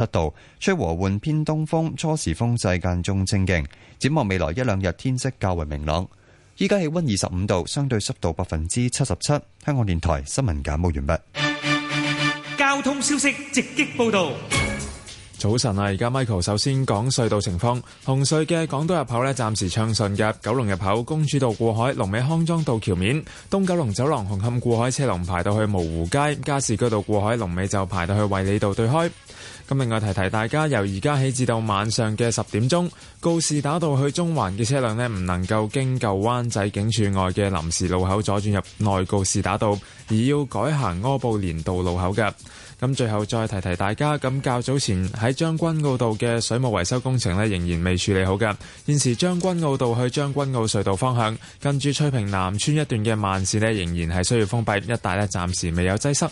七度，吹和緩偏東風，初時風勢間中清勁。展望未來一兩日，天色較為明朗。依家氣溫二十五度，相對濕度百分之七十七。香港電台新聞簡報完畢。交通消息直擊報道。早晨啊！而家 Michael 首先講隧道情況。紅隧嘅港島入口呢，暫時暢順嘅。九龍入口、公主道過海、龍尾康莊道橋面、東九龍走廊、紅磡過海車龍排到去蕪湖街、加士居道過海龍尾就排到去衛理道對開。咁另外提提大家，由而家起至到晚上嘅十點鐘，告士打道去中環嘅車輛呢，唔能夠經舊灣仔警署外嘅臨時路口左轉入內告士打道，而要改行柯布連道路口嘅。咁最後再提提大家，咁較早前喺將軍澳道嘅水務維修工程呢，仍然未處理好㗎。現時將軍澳道去將軍澳隧道方向，跟住翠屏南村一段嘅慢線呢，仍然係需要封閉，一帶呢暫時未有擠塞。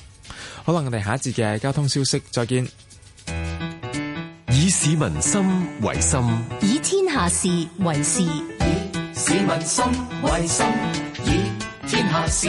好啦，我哋下一節嘅交通消息，再見。以市民心為心，以天下事為事，以市民心為心，以天下事。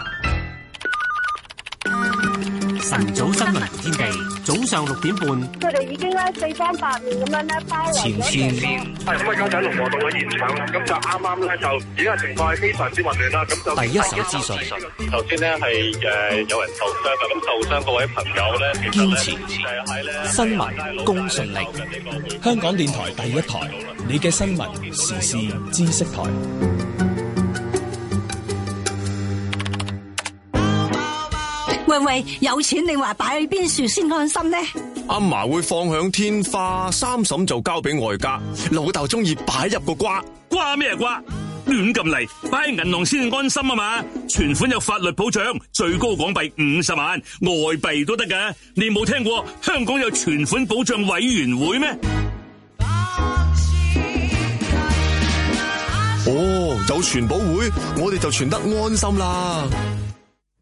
晨早新聞天地，早上六點半。佢哋已經咧四方八面咁樣咧包圍。前線，係咁啊！家姐，龍和道嘅現場啦。咁就啱啱咧就，而家嘅情況非常之混亂啦。咁就第一手資訊。頭先咧係誒有人受傷嘅，咁受傷嗰位朋友咧堅持。新聞公信力，香港電台第一台，你嘅新聞時事知識台。喂喂，有錢你話擺喺邊處先安心呢？阿嫲會放響天花，三嬸就交俾外家，老豆中意擺入個瓜，瓜咩啊瓜？亂咁嚟，擺喺銀行先安心啊嘛！存款有法律保障，最高港幣五十萬，外幣都得噶。你冇聽過香港有存款保障委員會咩？ 哦，有存保會，我哋就存得安心啦。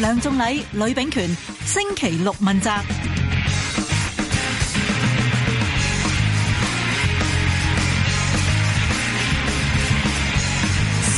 梁仲禮、呂秉權、星期六問責。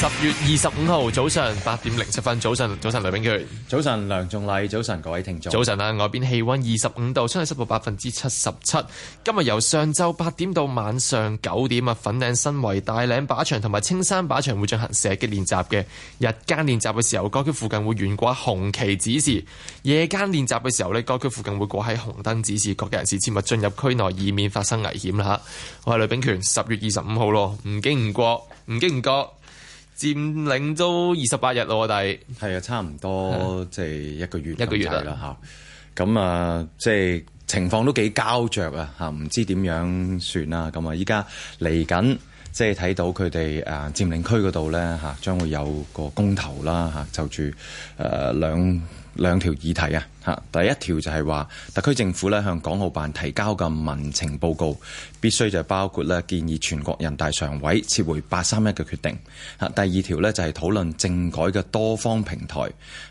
十月二十五號早上八點零七分，早晨，早晨，呂秉權，早晨，梁仲禮，早晨，各位聽眾，早晨啊！外邊氣溫二十五度，相對濕度百分之七十七。今日由上晝八點到晚上九點啊，粉嶺新圍大嶺靶，靶，靶場同埋青山靶，靶場會進行射擊練習嘅。日間練習嘅時候，該區附近會懸掛紅旗指示；夜間練習嘅時候咧，該區附近會掛喺紅燈指示，各界人士切勿進入區內，以免發生危險啦！吓，我係呂秉權，十月二十五號咯，唔驚唔過，唔驚唔過。佔領都二十八日咯，我哋係啊，差唔多即係一個月一個月啦嚇。咁啊、嗯呃，即係情況都幾膠着啊嚇，唔知點樣算啊。咁啊，依家嚟緊即係睇到佢哋誒佔領區嗰度咧嚇，將會有個公投啦嚇，就、啊、住誒、呃、兩。兩條議題啊，嚇！第一條就係話特區政府咧向港澳辦提交嘅民情報告必須就包括咧建議全國人大常委撤回八三一嘅決定嚇。第二條呢，就係討論政改嘅多方平台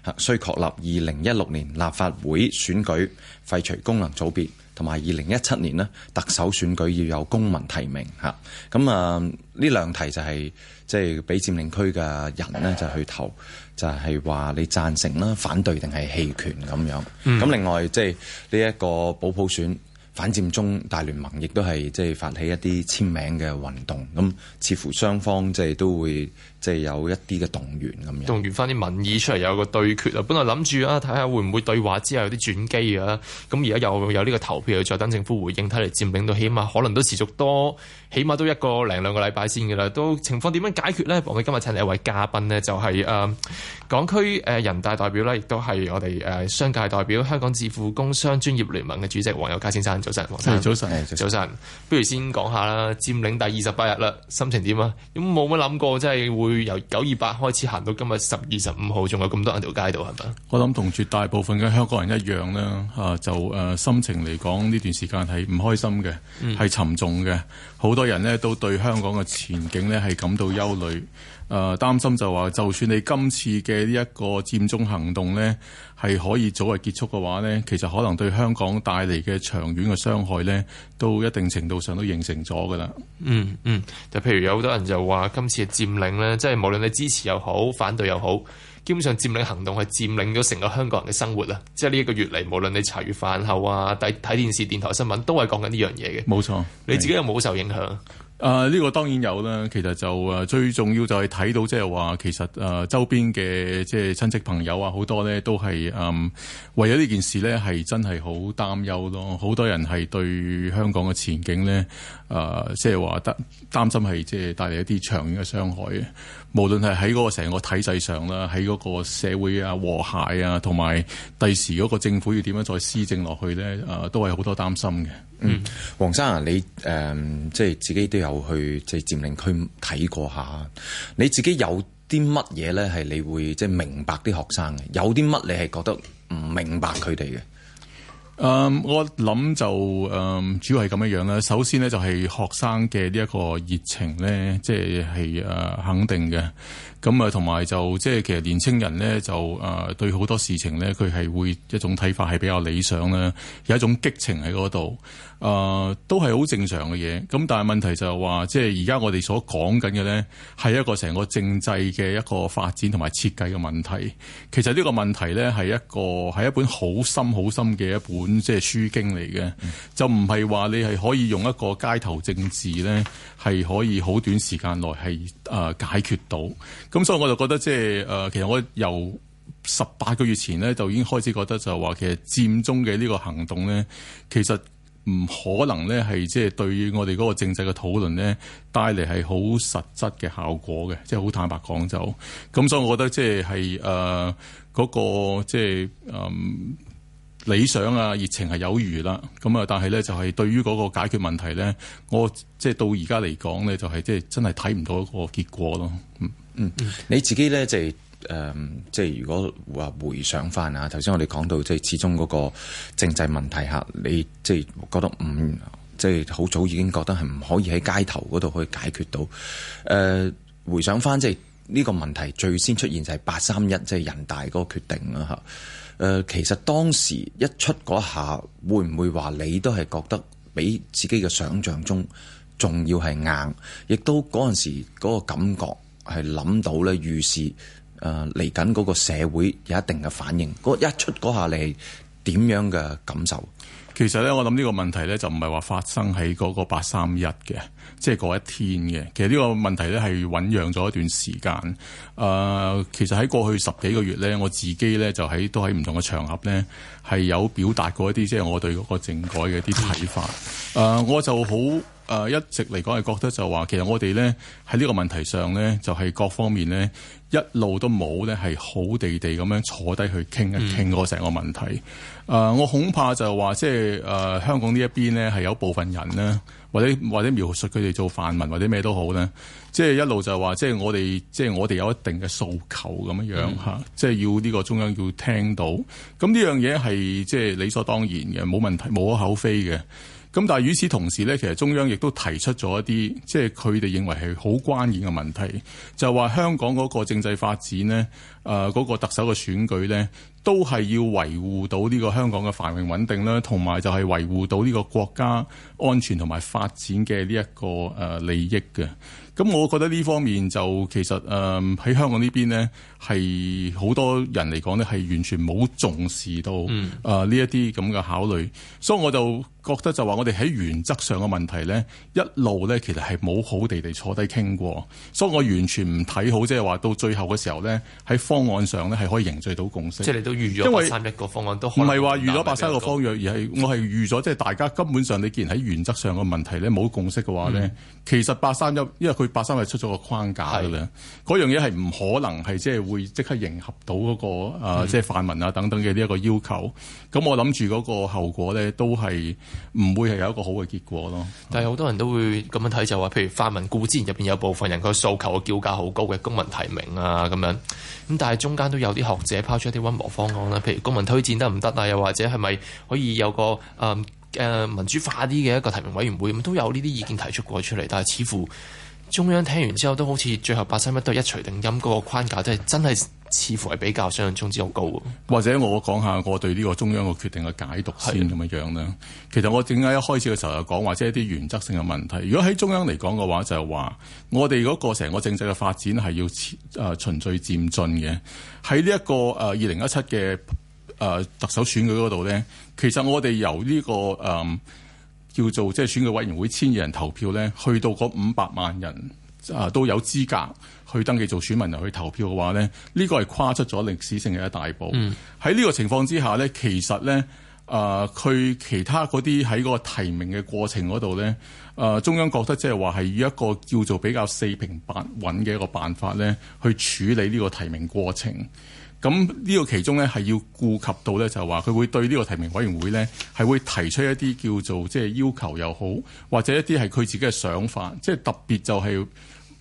嚇，需確立二零一六年立法會選舉廢除功能組別，同埋二零一七年呢，特首選舉要有公民提名嚇。咁、嗯、啊，呢兩題就係即係俾佔領區嘅人呢，就去投。就係話你贊成啦、反對定係棄權咁樣。咁、嗯、另外即係呢一個保普，普選反佔中大聯盟，亦都係即係發起一啲簽名嘅運動。咁似乎雙方即係都會即係有一啲嘅動員咁樣，動員返啲民意出嚟有個對決啊！本來諗住啊，睇下會唔會對話之後有啲轉機啊！咁而家又有呢個投票，再等政府回應，睇嚟佔領到，起碼可能都持續多。起碼都一個零兩個禮拜先嘅啦，都情況點樣解決咧？我哋今日請嚟一位嘉賓呢，就係、是、誒、呃、港區誒、呃、人大代表咧，亦都係我哋誒、呃、商界代表，香港智富工商專業聯盟嘅主席黃友嘉先生。早晨，黃生，早晨，早晨。不如先講下啦，佔領第二十八日啦，心情點啊？咁冇乜諗過，真、就、係、是、會由九二八開始行到今日十二十五號，仲有咁多人條街道係咪？我諗同絕大部分嘅香港人一樣啦，啊就誒、啊啊啊、心情嚟講呢段時間係唔開心嘅，係沉重嘅。好多人咧都對香港嘅前景咧係感到憂慮，誒、呃、擔心就話，就算你今次嘅呢一個佔中行動咧係可以早日結束嘅話咧，其實可能對香港帶嚟嘅長遠嘅傷害咧，都一定程度上都形成咗㗎啦。嗯嗯，就譬如有好多人就話，今次嘅佔領咧，即係無論你支持又好，反對又好。基本上佔領行動係佔領咗成個香港人嘅生活啊！即係呢一個月嚟，無論你茶餘飯後啊，睇睇電視、電台新聞都係講緊呢樣嘢嘅。冇錯，你自己有冇受影響？啊，呢、這個當然有啦。其實就誒，最重要就係睇到即係話，其實誒、呃、周邊嘅即係親戚朋友啊，好多咧都係誒，為咗呢件事咧係真係好擔憂咯。好多人係對香港嘅前景咧誒，即係話擔擔心係即係帶嚟一啲長遠嘅傷害。無論係喺嗰個成個體制上啦，喺嗰個社會啊和諧啊，同埋第時嗰個政府要點樣再施政落去咧，誒、呃，都係好多擔心嘅。嗯，黃生啊，你誒、呃，即係自己都有去即係佔領區睇過下，你自己有啲乜嘢咧係你會即係明白啲學生嘅？有啲乜你係覺得唔明白佢哋嘅？嗯，um, 我諗就嗯、um, 主要係咁樣樣啦。首先咧就係學生嘅呢一個熱情咧，即係係誒肯定嘅。咁啊，同埋就即係其實年青人呢，就誒對好多事情呢，佢係會一種睇法係比較理想啦，有一種激情喺嗰度，誒、呃、都係好正常嘅嘢。咁但係問題就係話，即係而家我哋所講緊嘅呢，係一個成個政制嘅一個發展同埋設計嘅問題。其實呢個問題呢，係一個係一本好深好深嘅一本即係書經嚟嘅，就唔係話你係可以用一個街頭政治呢，係可以好短時間內係誒解決到。咁所以我就覺得、就是，即係誒，其實我由十八個月前咧，就已經開始覺得就話，其實佔中嘅呢個行動咧，其實唔可能咧係即係對於我哋嗰個政制嘅討論咧帶嚟係好實質嘅效果嘅，即係好坦白講就。咁所以，我覺得即係係誒嗰個即係誒理想啊、熱情係有餘啦。咁啊，但係咧就係、是、對於嗰個解決問題咧，我即係到而家嚟講咧，就係即係真係睇唔到一個結果咯。.嗯，你自己咧就誒，即係如果話回想翻啊，頭先我哋講到即係始終嗰個政制問題嚇，你即係覺得唔即係好早已經覺得係唔可以喺街頭嗰度可以解決到。誒、呃、回想翻即係呢個問題最先出現就係八三一即係人大嗰個決定啦嚇。誒、呃、其實當時一出嗰下，會唔會話你都係覺得比自己嘅想像中仲要係硬，亦都嗰陣時嗰個感覺。係諗到咧，遇事誒嚟緊嗰個社會有一定嘅反應。一出嗰下你係點樣嘅感受？其實咧，我諗呢個問題咧就唔係話發生喺嗰個八三一嘅，即係嗰一天嘅。其實呢個問題咧係醖釀咗一段時間。誒、呃，其實喺過去十幾個月咧，我自己咧就喺都喺唔同嘅場合咧係有表達過一啲，即係我對嗰個政改嘅啲睇法。誒、 呃，我就好。誒，一直嚟講係覺得就話，其實我哋咧喺呢個問題上咧，就係各方面咧一路都冇咧係好地地咁樣坐低去傾一傾嗰成個問題。誒，我恐怕就話即係誒香港呢一邊咧，係有部分人咧。或者或者描述佢哋做泛民或者咩都好咧，即係一路就話，即係我哋，即係我哋有一定嘅訴求咁樣樣吓，嗯、即係要呢個中央要聽到。咁呢樣嘢係即係理所當然嘅，冇問題，無可厚非嘅。咁但係與此同時咧，其實中央亦都提出咗一啲，即係佢哋認為係好關鍵嘅問題，就話、是、香港嗰個政制發展咧，誒、呃、嗰、嗰個特首嘅選舉咧，都係要維護到呢個香港嘅繁榮穩定啦，同埋就係維護到呢個國家安全同埋發展嘅呢一個誒，利益嘅。咁我覺得呢方面就其實誒喺，呃、香港呢邊呢，係好多人嚟講呢係完全冇重視到啊呢一啲咁嘅考慮，所以我就覺得就話我哋喺原則上嘅問題呢，一路呢其實係冇好地地坐低傾過，所以我完全唔睇好，即係話到最後嘅時候呢，喺方案上呢係可以凝聚到共識。即係你都預咗831個方案為都唔係話預咗白沙一個方案，而係我係預咗即係大家根本上你既然喺原則上嘅問題呢冇共識嘅話呢。嗯其實八三一，因為佢八三一出咗個框架嘅啦，嗰是的 樣嘢係唔可能係即係會即刻迎合到嗰、嗰個、呃、即係泛民啊等等嘅呢一個要求。咁是的、嗯、我諗住嗰個後果咧，都係唔會係有一個好嘅結果咯。但係好多人都會咁樣睇，就話譬如泛民固之前入邊有部分人個訴求嘅叫價好高嘅公民提名啊咁樣。咁但係中間都有啲學者拋出一啲溫和方案啦，譬如公民推薦得唔得啊？又或者係咪可以有個啊？呃誒民主化啲嘅一個提名委員會，咁都有呢啲意見提出過出嚟，但係似乎中央聽完之後都好似最後八三一都係一錘定音，嗰個框架都係真係似乎係比較相對總之好高。或者我講下我對呢個中央嘅決定嘅解讀先咁樣樣啦。的其實我點解，一開始嘅時候就講，或者一啲原則性嘅問題。如果喺中央嚟講嘅話，就係、是、話我哋嗰個成個政制嘅發展係要誒循序漸進嘅。喺呢一個誒二零一七嘅。誒、呃、特首選舉嗰度咧，其實我哋由呢、這個誒、呃、叫做即係選舉委員會千二人投票咧，去到嗰五百萬人啊、呃、都有資格去登記做選民又去投票嘅話咧，呢、這個係跨出咗歷史性嘅一大步。喺呢、嗯、個情況之下咧，其實咧啊佢其他嗰啲喺個提名嘅過程嗰度咧，啊、呃、中央覺得即係話係以一個叫做比較四平八穩嘅一個辦法咧，去處理呢個提名過程。咁呢個其中咧係要顧及到咧，就話佢會對呢個提名委員會咧係會提出一啲叫做即係要求又好，或者一啲係佢自己嘅想法，即係特別就係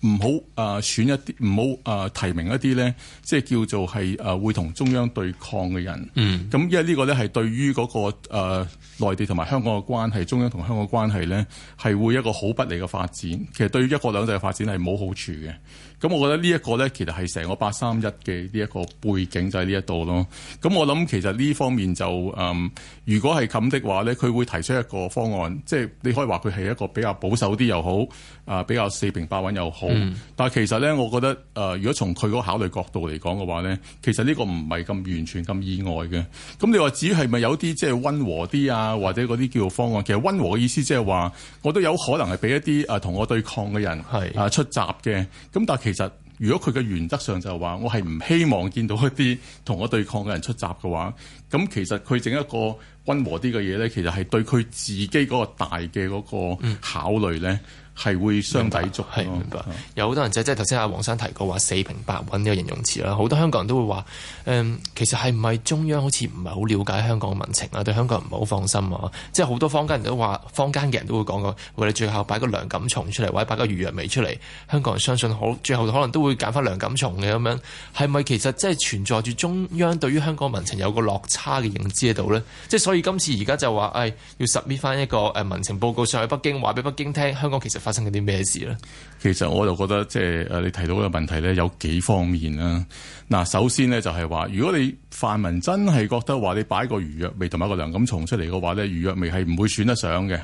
唔好啊選一啲，唔好啊提名一啲咧，即係叫做係啊會同中央對抗嘅人。嗯，咁因為呢個咧係對於嗰個啊內地同埋香港嘅關係，中央同香港嘅關係咧係會一個好不利嘅發展。其實對於一國兩制嘅發展係冇好處嘅。咁我覺得呢一個咧，其實係成個八三一嘅呢一個背景就喺呢一度咯。咁我諗其實呢方面就誒、呃，如果係咁的話咧，佢會提出一個方案，即、就、係、是、你可以話佢係一個比較保守啲又好，啊比較四平八穩又好。嗯、但係其實咧，我覺得誒、呃，如果從佢嗰個考慮角度嚟講嘅話咧，其實呢個唔係咁完全咁意外嘅。咁你話至於係咪有啲即係溫和啲啊，或者嗰啲叫方案？其實溫和嘅意思即係話，我都有可能係俾一啲啊同我對抗嘅人係是啊出閘嘅。咁但係其實，如果佢嘅原則上就係話，我係唔希望見到一啲同我對抗嘅人出閘嘅話，咁其實佢整一個溫和啲嘅嘢咧，其實係對佢自己嗰個大嘅嗰個考慮咧。嗯係會相抵觸，係明白、哦、明白。有好多人就即係頭先阿黃生提過話四平八穩呢個形容詞啦，好多香港人都會話誒、嗯，其實係唔係中央好似唔係好了解香港民情啊？對香港人唔係好放心啊！即係好多坊間人都話，坊間嘅人都會講個，喂、哎、你最後擺個梁錦松出嚟，或者擺個余若薇出嚟，香港人相信好，最後可能都會揀翻梁錦松嘅咁樣。係咪其實即係存在住中央對於香港民情有個落差嘅認知喺度呢？即係所以今次而家就話，誒、哎、要 submit 翻一個誒民情報告上去北京，話俾北京聽，香港其實，發生緊啲咩事咧？其實我就覺得，即係誒，你提到嘅問題咧，有幾方面啦。嗱，首先咧就係話，如果你泛民真係覺得話，你擺個余若薇同埋個梁錦松出嚟嘅話咧，余若薇係唔會選得上嘅。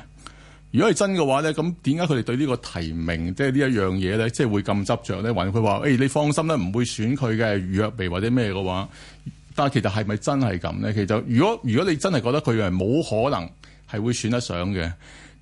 如果係真嘅話咧，咁點解佢哋對呢個提名，即係呢一樣嘢咧，即係會咁執着咧？或者佢話誒，你放心啦，唔會選佢嘅余若薇或者咩嘅話。但係其實係咪真係咁咧？其實如果如果你真係覺得佢係冇可能係會選得上嘅。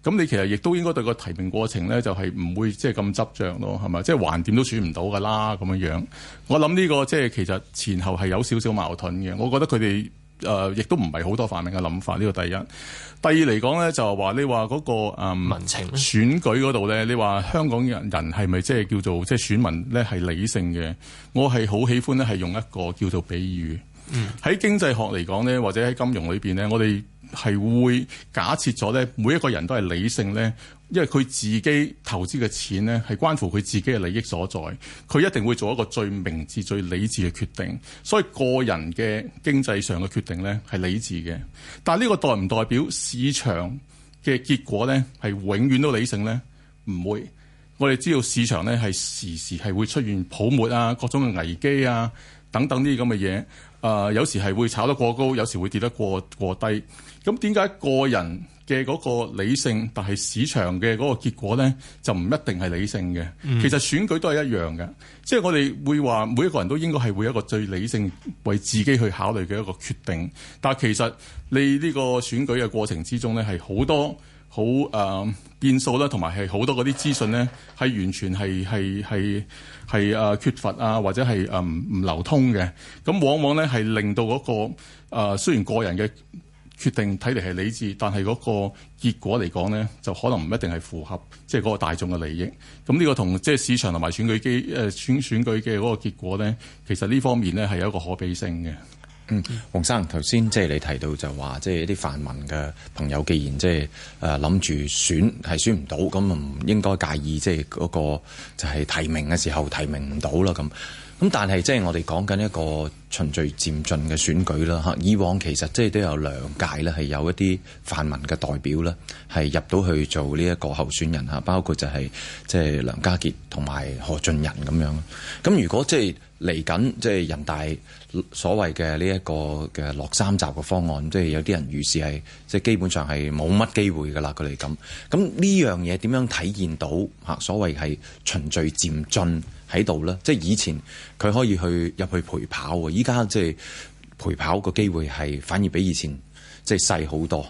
咁你其實亦都應該對個提名過程咧，就係、是、唔會即係咁執著咯，係、就、咪、是？即係橫掂都選唔到噶啦，咁樣樣。我諗呢、這個即係其實前後係有少少矛盾嘅。我覺得佢哋誒亦都唔係好多範圍嘅諗法。呢、這個第一。第二嚟講咧，就係話你話嗰、那個誒、呃、民情選舉嗰度咧，你話香港人人係咪即係叫做即係、就是、選民咧係理性嘅？我係好喜歡咧，係用一個叫做比喻。嗯。喺經濟學嚟講咧，或者喺金融裏邊咧，我哋。係會假設咗咧，每一個人都係理性咧，因為佢自己投資嘅錢咧係關乎佢自己嘅利益所在，佢一定會做一個最明智、最理智嘅決定。所以個人嘅經濟上嘅決定咧係理智嘅，但係呢個代唔代表市場嘅結果咧係永遠都理性咧？唔會，我哋知道市場咧係時時係會出現泡沫啊、各種嘅危機啊等等呢啲咁嘅嘢。誒、呃、有時係會炒得過高，有時會跌得過過低。咁點解個人嘅嗰個理性，但係市場嘅嗰個結果呢，就唔一定係理性嘅。嗯、其實選舉都係一樣嘅，即、就、係、是、我哋會話每一個人都應該係會一個最理性為自己去考慮嘅一個決定。但係其實你呢個選舉嘅過程之中呢，係好多，好誒、呃、變數啦，同埋係好多嗰啲資訊咧，係完全係係係係誒缺乏啊，或者係誒唔唔流通嘅。咁往往咧係令到嗰、嗰個誒、呃、雖然個人嘅決定睇嚟係理智，但係嗰個結果嚟講咧，就可能唔一定係符合即係嗰個大眾嘅利益。咁呢個同即係市場同埋選舉機誒、呃、選選舉嘅嗰個結果咧，其實呢方面咧係有一個可比性嘅。嗯，黃生，頭先即係你提到就話，即係啲泛民嘅朋友，既然即係誒諗住選係選唔到，咁唔應該介意即係嗰個就係提名嘅時候提名唔到啦。咁、咁，但係即係我哋講緊一個循序漸進嘅選舉啦。吓、啊、以往其實即係都有兩屆咧，係有一啲泛民嘅代表咧係入到去做呢一個候選人吓、啊，包括就係即係梁家傑同埋何俊仁咁樣。咁、啊、如果即係嚟緊即係人大，所謂嘅呢一個嘅落三集嘅方案，即係有啲人預示係即係基本上係冇乜機會㗎啦，佢哋咁。咁呢樣嘢點樣體現到吓、啊、所謂係循序漸進喺度咧？即係以前佢可以去入去陪跑喎，依家即係陪跑個機會係反而比以前即係細好多。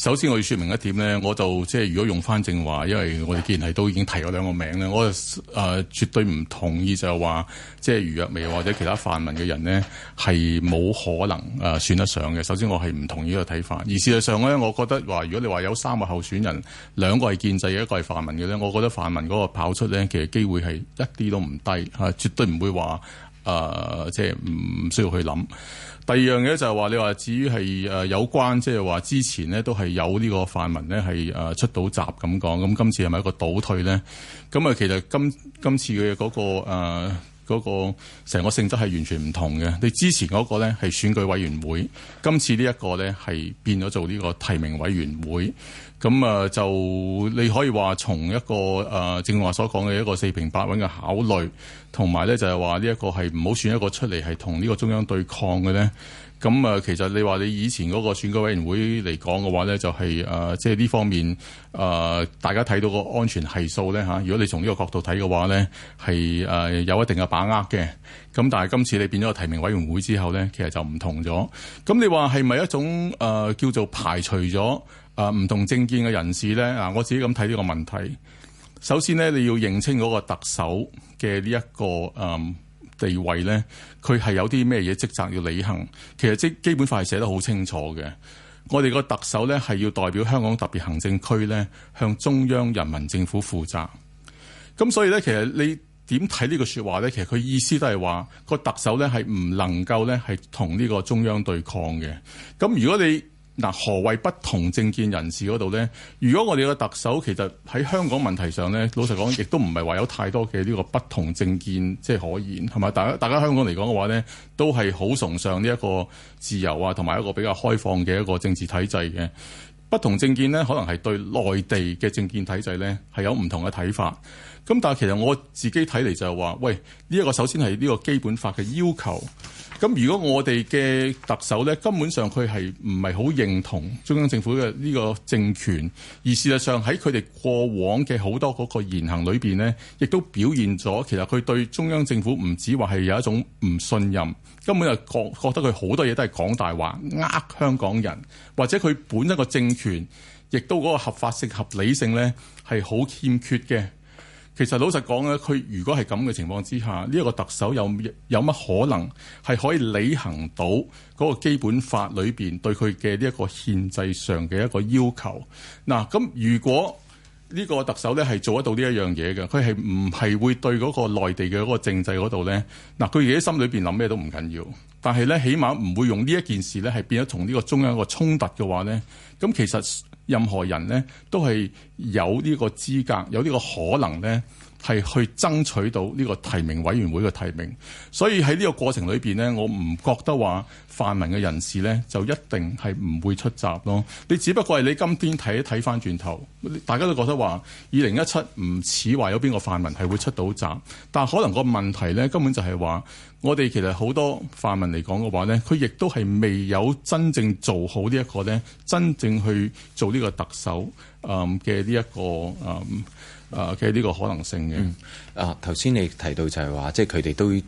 首先我要説明一點咧，我就即係如果用返正話，因為我哋既然係都已經提咗兩個名咧，我誒、呃、絕對唔同意就係話即係余若薇或者其他泛民嘅人咧，係冇可能誒選得上嘅。首先我係唔同意呢個睇法，而事實上咧，我覺得話如果你話有三個候選人，兩個係建制嘅，一個係泛民嘅咧，我覺得泛民嗰個跑出咧，其實機會係一啲都唔低嚇、啊，絕對唔會話。啊、呃，即係唔需要去諗。第二樣嘢就係、是、話，你話至於係誒有關，即係話之前呢都係有呢個泛民呢係誒出到閘咁講，咁今次係咪一個倒退咧？咁啊，其實今今次嘅嗰、嗰個誒，呃嗰個成個性質係完全唔同嘅，你之前嗰個呢係選舉委員會，今次呢一個呢係變咗做呢個提名委員會，咁啊就你可以話從一個誒、呃、正話所講嘅一個四平八穩嘅考慮，同埋呢就係話呢一個係唔好選一個出嚟係同呢個中央對抗嘅呢。咁啊、嗯，其實你話你以前嗰個選舉委員會嚟講嘅話咧，就係、是、誒，即係呢方面誒、呃，大家睇到個安全係數咧嚇、啊。如果你從呢個角度睇嘅話咧，係誒、呃、有一定嘅把握嘅。咁但係今次你變咗提名委員會之後咧，其實就唔同咗。咁、嗯、你話係咪一種誒、呃、叫做排除咗誒唔同政見嘅人士咧？啊，我自己咁睇呢個問題。首先咧，你要認清嗰個特首嘅呢一個誒，呃地位呢，佢係有啲咩嘢職責要履行？其實即基本法係寫得好清楚嘅。我哋個特首呢，係要代表香港特別行政區呢，向中央人民政府負責。咁所以呢，其實你點睇呢個說話呢？其實佢意思都係話個特首呢，係唔能夠呢，係同呢個中央對抗嘅。咁如果你嗱，何謂不同政見人士嗰度呢？如果我哋嘅特首其實喺香港問題上呢，老實講亦都唔係話有太多嘅呢個不同政見即係、就是、可言，係咪？大家大家香港嚟講嘅話呢，都係好崇尚呢一個自由啊，同埋一個比較開放嘅一個政治體制嘅。不同政見呢，可能係對內地嘅政見體制呢，係有唔同嘅睇法。咁但係其實我自己睇嚟就係話：喂，呢一個首先係呢個基本法嘅要求。咁如果我哋嘅特首呢，根本上佢係唔係好認同中央政府嘅呢個政權，而事實上喺佢哋過往嘅好多嗰個言行裏邊呢，亦都表現咗其實佢對中央政府唔止話係有一種唔信任，根本就覺覺得佢好多嘢都係講大話，呃香港人，或者佢本一個政權，亦都嗰個合法性、合理性呢係好欠缺嘅。其實老實講咧，佢如果係咁嘅情況之下，呢一個特首有有乜可能係可以履行到嗰個基本法裏邊對佢嘅呢一個憲制上嘅一個要求？嗱，咁如果呢個特首咧係做得到呢一樣嘢嘅，佢係唔係會對嗰個內地嘅嗰個政制嗰度呢？嗱，佢自己心裏邊諗咩都唔緊要，但係呢，起碼唔會用呢一件事呢，係變咗同呢個中央一個衝突嘅話呢。咁其實任何人呢，都係有呢個資格，有呢個可能呢。係去爭取到呢個提名委員會嘅提名，所以喺呢個過程裏面呢，我唔覺得話泛民嘅人士呢就一定係唔會出閘咯。你只不過係你今天睇一睇翻轉頭，大家都覺得話二零一七唔似話有邊個泛民係會出到閘，但可能個問題呢，根本就係話，我哋其實好多泛民嚟講嘅話呢，佢亦都係未有真正做好呢一個呢，真正去做呢個特首誒嘅呢一個誒。啊其實呢個可能性嘅，嗯，啊頭先你提到就係話，即係佢哋都誒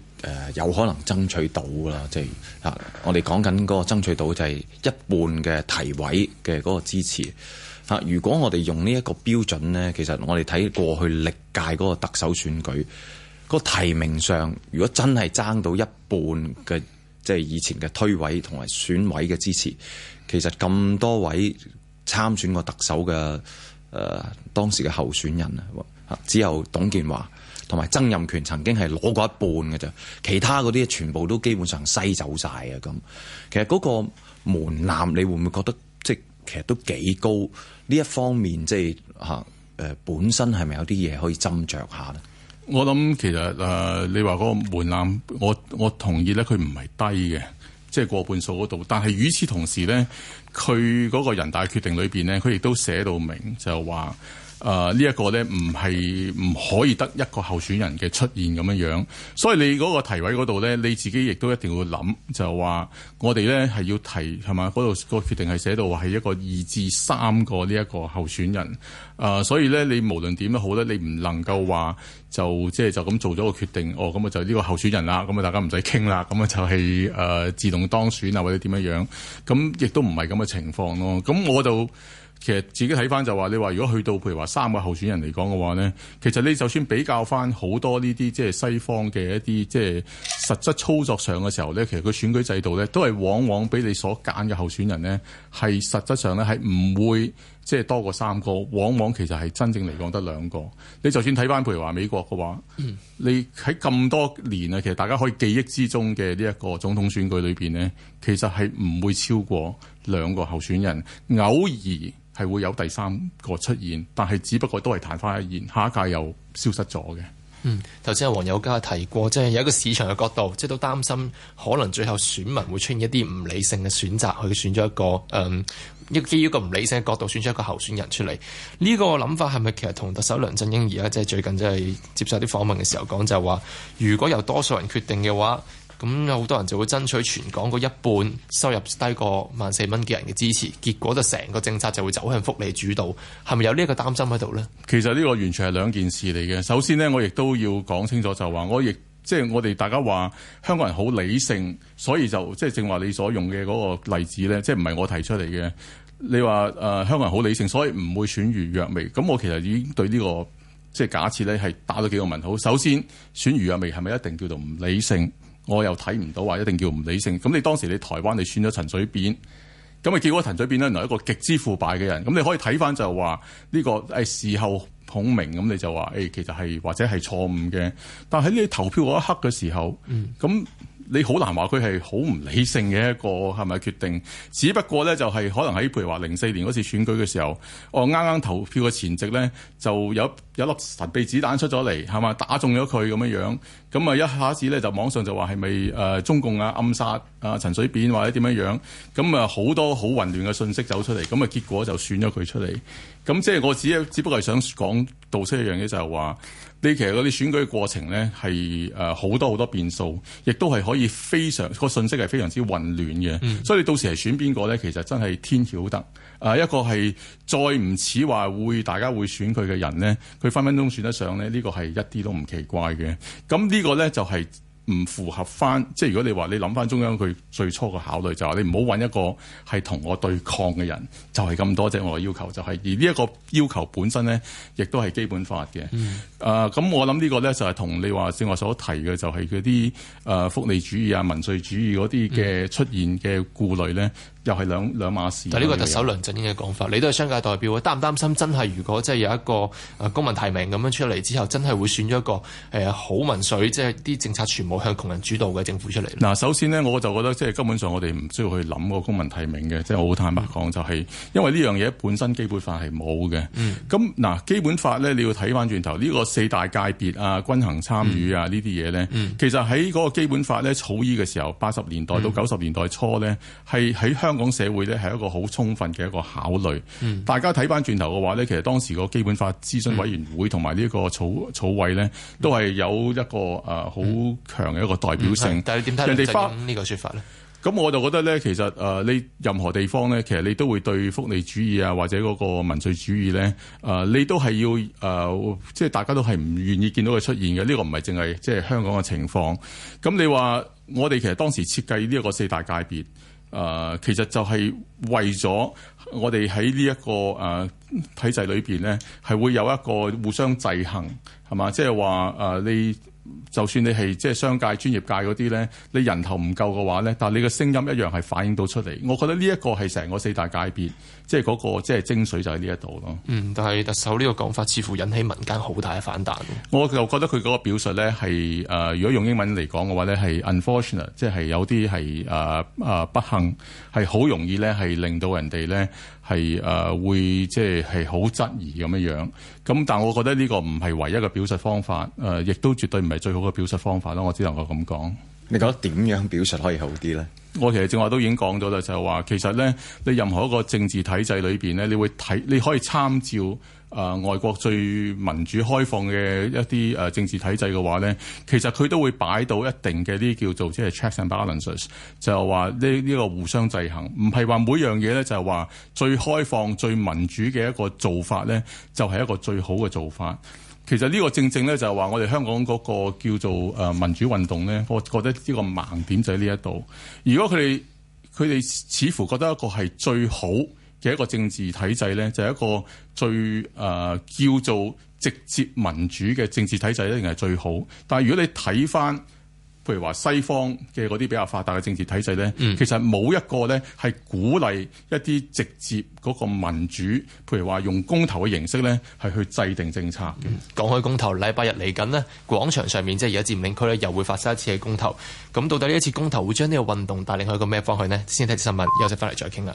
有可能爭取到啦，即係，啊，我哋講緊嗰個爭取到就係一半嘅提委嘅嗰個支持。啊，如果我哋用呢一個標準咧，其實我哋睇過去歷屆嗰個特首選舉嗰提名上，如果真係爭到一半嘅，即係以前嘅推委同埋選委嘅支持，其實咁多位參選過特首嘅。誒、呃、當時嘅候選人啊，只有董建華同埋曾蔭權曾經係攞過一半嘅啫，其他嗰啲全部都基本上篩走晒啊！咁其實嗰個門檻，你會唔會覺得即係其實都幾高？呢一方面即係吓誒本身係咪有啲嘢可以斟酌下咧？我諗其實誒、呃、你話嗰個門檻，我我同意咧，佢唔係低嘅，即係過半數嗰度。但係與此同時咧。佢嗰個人大決定裏邊咧，佢亦都寫到明，就係話。誒呢一個咧，唔係唔可以得一個候選人嘅出現咁樣樣，所以你嗰個提委嗰度咧，你自己亦都一定要諗，就話我哋咧係要提係嘛，嗰度個決定係寫到話係一個二至三個呢一個候選人，誒、呃，所以咧你無論點都好咧，你唔能夠話就即係就咁做咗個決定，哦，咁啊就呢個候選人啦，咁啊大家唔使傾啦，咁啊就係、是、誒、呃、自動當選啊或者點樣樣，咁亦都唔係咁嘅情況咯，咁我就。其實自己睇翻就話，你話如果去到譬如話三個候選人嚟講嘅話咧，其實你就算比較翻好多呢啲即係西方嘅一啲即係實質操作上嘅時候咧，其實個選舉制度咧都係往往俾你所揀嘅候選人咧係實質上咧係唔會即係多過三個，往往其實係真正嚟講得兩個。你就算睇翻譬如話美國嘅話，嗯、你喺咁多年啊，其實大家可以記憶之中嘅呢一個總統選舉裏面咧，其實係唔會超過兩個候選人，偶爾，係會有第三個出現，但係只不過都係曇花一現，下一屆又消失咗嘅。嗯，頭先阿黃友嘉提過，即係有一個市場嘅角度，即係都擔心可能最後選民會出現一啲唔理性嘅選擇，去選咗一個誒，嗯，基於一個唔理性嘅角度選咗一個候選人出嚟。呢個諗法係咪其實同特首梁振英而家即係最近即係接受啲訪問嘅時候講就話，如果由多數人決定嘅話，咁有好多人就會爭取全港嗰一半收入低過萬四蚊嘅人嘅支持，結果就成個政策就會走向福利主導。係咪有呢一個擔心喺度呢？其實呢個完全係兩件事嚟嘅。首先呢，我亦都要講清楚，就話、係、我亦即係我哋大家話香港人好理性，所以就即係正話你所用嘅嗰個例子呢，即係唔係我提出嚟嘅？你話誒、呃、香港人好理性，所以唔會選余若薇。咁。我其實已經對呢、呢個即係、就係、假設咧，係打咗幾個問號。首先，選余若薇係咪一定叫做唔理性？我又睇唔到話一定叫唔理性咁。你當時你台灣你選咗陳水扁咁啊，結果陳水扁咧，原來一個極之腐敗嘅人。咁你可以睇返就係話呢個係、哎、事後孔明咁，你就話誒、哎、其實係或者係錯誤嘅。但喺你投票嗰一刻嘅時候，咁、嗯。你好難話佢係好唔理性嘅一個係咪決定？只不過咧就係、是、可能喺譬如話零四年嗰次選舉嘅時候，我啱啱投票嘅前夕咧就有一粒神秘子彈出咗嚟，係嘛打中咗佢咁樣樣，咁啊一下子咧就網上就話係咪誒中共啊暗殺啊、呃、陳水扁或者點樣樣？咁啊好多好混亂嘅信息走出嚟，咁啊結果就選咗佢出嚟。咁即係我只係只不過係想講倒車一樣嘢就係、是、話。你其實嗰啲選舉嘅過程咧，係誒好多好多變數，亦都係可以非常個信息係非常之混亂嘅。嗯、所以你到時係選邊個咧，其實真係天曉得。誒、呃、一個係再唔似話會大家會選佢嘅人咧，佢分分鐘選得上咧，呢、呢個係一啲都唔奇怪嘅。咁呢個咧就係、係。唔符合翻，即係如果你話你諗翻中央佢最初嘅考慮，就係話你唔好揾一個係同我對抗嘅人，就係咁多啫。我要求就係，而呢一個要求本身咧，亦都係基本法嘅。啊、嗯，呃，咁我諗呢個咧就係同你話正話所提嘅，就係嗰啲誒福利主義啊、民粹主義嗰啲嘅出現嘅顧慮咧。嗯嗯又係兩兩碼事。但呢個特首梁振英嘅講法，你都係商界代表啊？擔唔擔心真係如果即係有一個誒公民提名咁樣出嚟之後，真係會選咗一個誒好民粹，即係啲政策全部向窮人主導嘅政府出嚟？嗱，首先呢，我就覺得即係根本上我哋唔需要去諗個公民提名嘅，即係、嗯、我好坦白講，就係、是、因為呢樣嘢本身基本法係冇嘅。嗯。咁嗱，基本法咧，你要睇翻轉頭呢、呢個四大界別啊、均衡參與啊呢啲嘢咧，其實喺嗰個基本法咧草擬嘅時候，八十年代到九十年代初咧，係喺、嗯、香香港社會咧係一個好充分嘅一個考慮，嗯、大家睇翻轉頭嘅話咧，其實當時個基本法諮詢委員會同埋呢個草、嗯、草委咧，都係有一個誒好強嘅一個代表性。嗯嗯、但係點睇人哋呢個說法咧？咁我就覺得咧，其實誒、呃、你任何地方咧，其實你都會對福利主義啊或者嗰個民粹主義咧，誒、呃、你都係要誒、呃、即係大家都係唔願意見到佢出現嘅。呢、這個唔係淨係即係香港嘅情況。咁你話我哋其實當時設計呢一個四大界別。誒，uh, 其實就係為咗我哋喺呢一個誒、uh, 體制裏邊咧，係會有一個互相制衡，係嘛？即係話，誒、uh，你。就算你係即係商界專業界嗰啲咧，你人頭唔夠嘅話咧，但係你嘅聲音一樣係反映到出嚟。我覺得呢一個係成個四大界別，即係嗰個即係、即係、精髓就喺呢一度咯。嗯，但係特首呢個講法似乎引起民間好大嘅反彈。我就覺得佢嗰個表述咧係誒，如果用英文嚟講嘅話咧係 unfortunate，即係有啲係誒誒不幸，係好容易咧係令到人哋咧。係誒、呃、會即係係好質疑咁樣樣，咁但係我覺得呢個唔係唯一嘅表述方法，誒、呃、亦都絕對唔係最好嘅表述方法咯。我只能夠咁講。你覺得點樣表述可以好啲咧？我其實正話都已經講咗啦，就係、是、話其實咧，你任何一個政治體制裏邊咧，你會睇，你可以參照。誒、呃，外國最民主開放嘅一啲誒、呃、政治體制嘅話咧，其實佢都會擺到一定嘅啲叫做即係 checks and balances，就係話呢呢個互相制衡，唔係話每樣嘢咧就係話最開放、最民主嘅一個做法咧，就係一個最好嘅做法。其實呢個正正咧就係話我哋香港嗰個叫做誒民主運動咧，我覺得呢個盲點就喺呢一度。如果佢哋佢哋似乎覺得一個係最好嘅一個政治體制咧，就係、是、一個最誒、呃、叫做直接民主嘅政治體制，一定係最好。但係如果你睇翻譬如話西方嘅嗰啲比較發達嘅政治體制咧，嗯、其實冇一個咧係鼓勵一啲直接嗰個民主，譬如話用公投嘅形式咧係去制定政策。講開、嗯、公投，禮拜日嚟緊呢，廣場上面即係而家佔領區咧，又會發生一次嘅公投。咁到底呢一次公投會將呢個運動帶領去一個咩方向呢？先睇啲新聞，休息翻嚟再傾啦。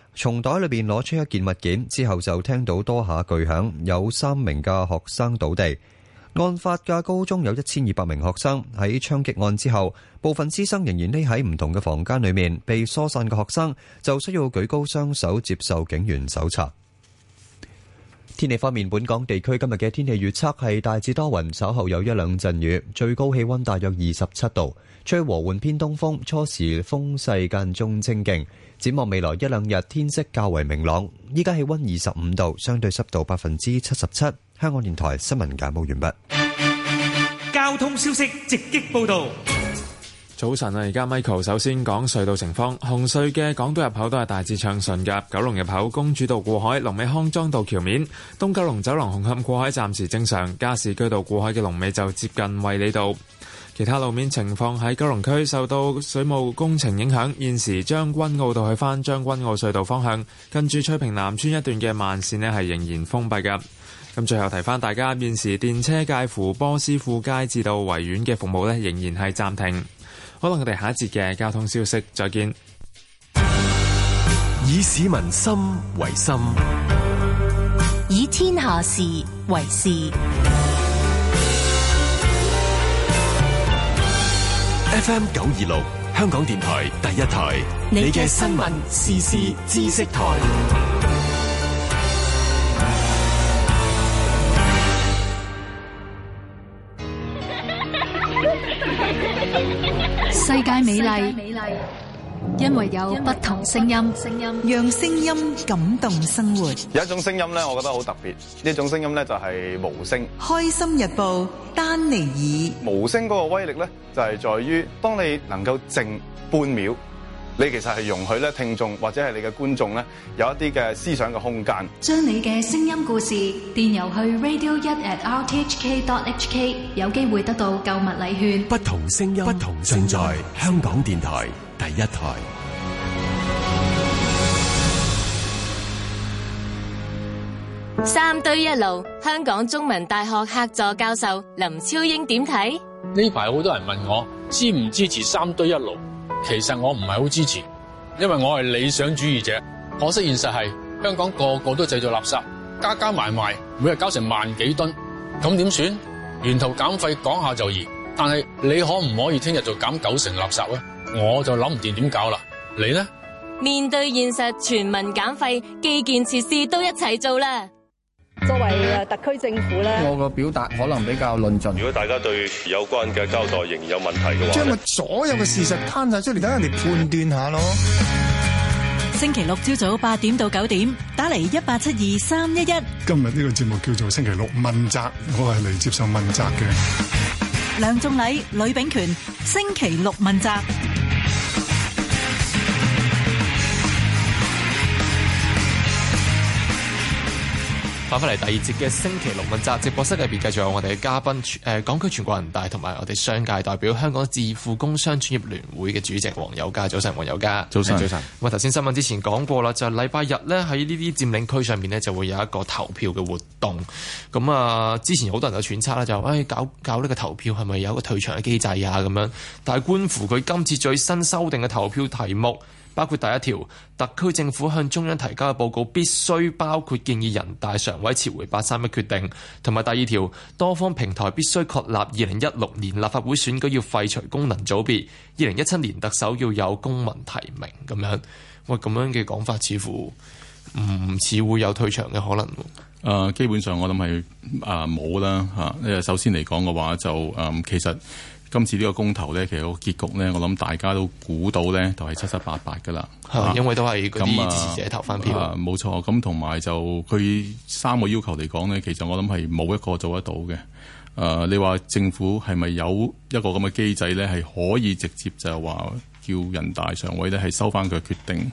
從袋裏邊攞出一件物件之後，就聽到多下巨響，有三名嘅學生倒地。案發嘅高中有一千二百名學生，喺槍擊案之後，部分師生仍然匿喺唔同嘅房間裏面。被疏散嘅學生就需要舉高雙手接受警員搜查。天氣方面，本港地區今日嘅天氣預測係大致多雲，稍後有一兩陣雨，最高氣溫大約二十七度，吹和緩偏東風，初時風勢間中清勁。展望未來一兩日，天色較為明朗。依家氣溫二十五度，相對濕度百分之七十七。香港電台新聞簡報完畢。交通消息直擊報道。早晨啊，而家 Michael 首先講隧道情況。紅隧嘅港島入口都係大致暢順㗎。九龍入口、公主道過海、龍尾康莊道橋面、東九龍走廊、紅磡過海暫時正常。加士居道過海嘅龍尾就接近衛理道。其他路面情況喺九龍區受到水務工程影響，現時將軍澳道去返將軍澳隧道方向，跟住翠屏南村一段嘅慢線呢係仍然封閉㗎。咁最後提返大家，現時電車介乎波斯富街至到維園嘅服務呢仍然係暫停。好啦，我哋下一節嘅交通消息再見。以市民心為心，以天下事為事。FM 九二六，26，香港電台第一台，你嘅的 新聞時事知識台， 世界美麗，美麗。因為有不同聲音，讓聲音感動生活。有一種聲音咧，我覺得好特別。呢一種聲音咧，就係無聲。《開心日報》丹尼爾無聲嗰個威力咧，就係在於當你能夠靜半秒，你其實係容許咧聽眾或者係你嘅觀眾咧有一啲嘅思想嘅空間。將你嘅聲音故事電郵去 radio1@rthk.hk，有機會得到購物禮券。不同聲音，不同存在。香港電台。第一台三堆一路，香港中文大學客座教授林超英點睇？呢排好多人問我支唔支持三堆一路，其實我唔係好支持，因為我係理想主義者。可惜現實係香港個個都製造垃圾，加加埋埋，每日搞成萬幾噸，咁點算？源頭減廢講下就易，但係你可唔可以聽日就減九成垃圾啊。我就諗唔掂點搞啦，你呢？面對現實，全民減廢，基建設施都一齊做啦。作為特區政府咧，我個表達可能比較論盡。如果大家對有關嘅交代仍然有問題嘅話，將咪所有嘅事實攤晒出嚟，等人哋判斷下咯。星期六朝早八點到九點，打嚟一八七二三一一。今日呢個節目叫做星期六問責，我係嚟接受問責嘅。梁仲禮、呂秉權，星期六問責。翻返嚟第二節嘅星期六問責直播室入邊，繼續有我哋嘅嘉賓，誒、呃、港區全國人大同埋我哋商界代表，香港智富工商專業聯會嘅主席黃友嘉。早晨，黃友嘉。早晨，早晨。咁啊，頭先新聞之前講過啦，就係禮拜日咧喺呢啲佔領區上面呢，就會有一個投票嘅活動。咁、嗯、啊，之前好多人有揣測啦，就誒、哎、搞搞呢個投票係咪有一個退場嘅機制啊咁樣。但係觀乎佢今次最新修訂嘅投票題目。包括第一條，特區政府向中央提交嘅報告必須包括建議人大常委撤回八三一決定，同埋第二條，多方平台必須確立二零一六年立法會選舉要廢除功能組別，二零一七年特首要有公民提名咁樣。喂，咁樣嘅講法似乎唔、嗯、似會有退場嘅可能。誒、呃，基本上我諗係誒冇啦嚇。誒，首先嚟講嘅話就誒、呃，其實。今次呢個公投呢，其實個結局呢，我諗大家都估到呢，就係、是、七七八八㗎喇。啊、因為都係支持者投翻票。冇、啊啊、錯，咁同埋就佢三個要求嚟講呢，其實我諗係冇一個做得到嘅。誒、啊，你話政府係咪有一個咁嘅機制呢？係可以直接就係話叫人大常委呢，係收翻佢決定？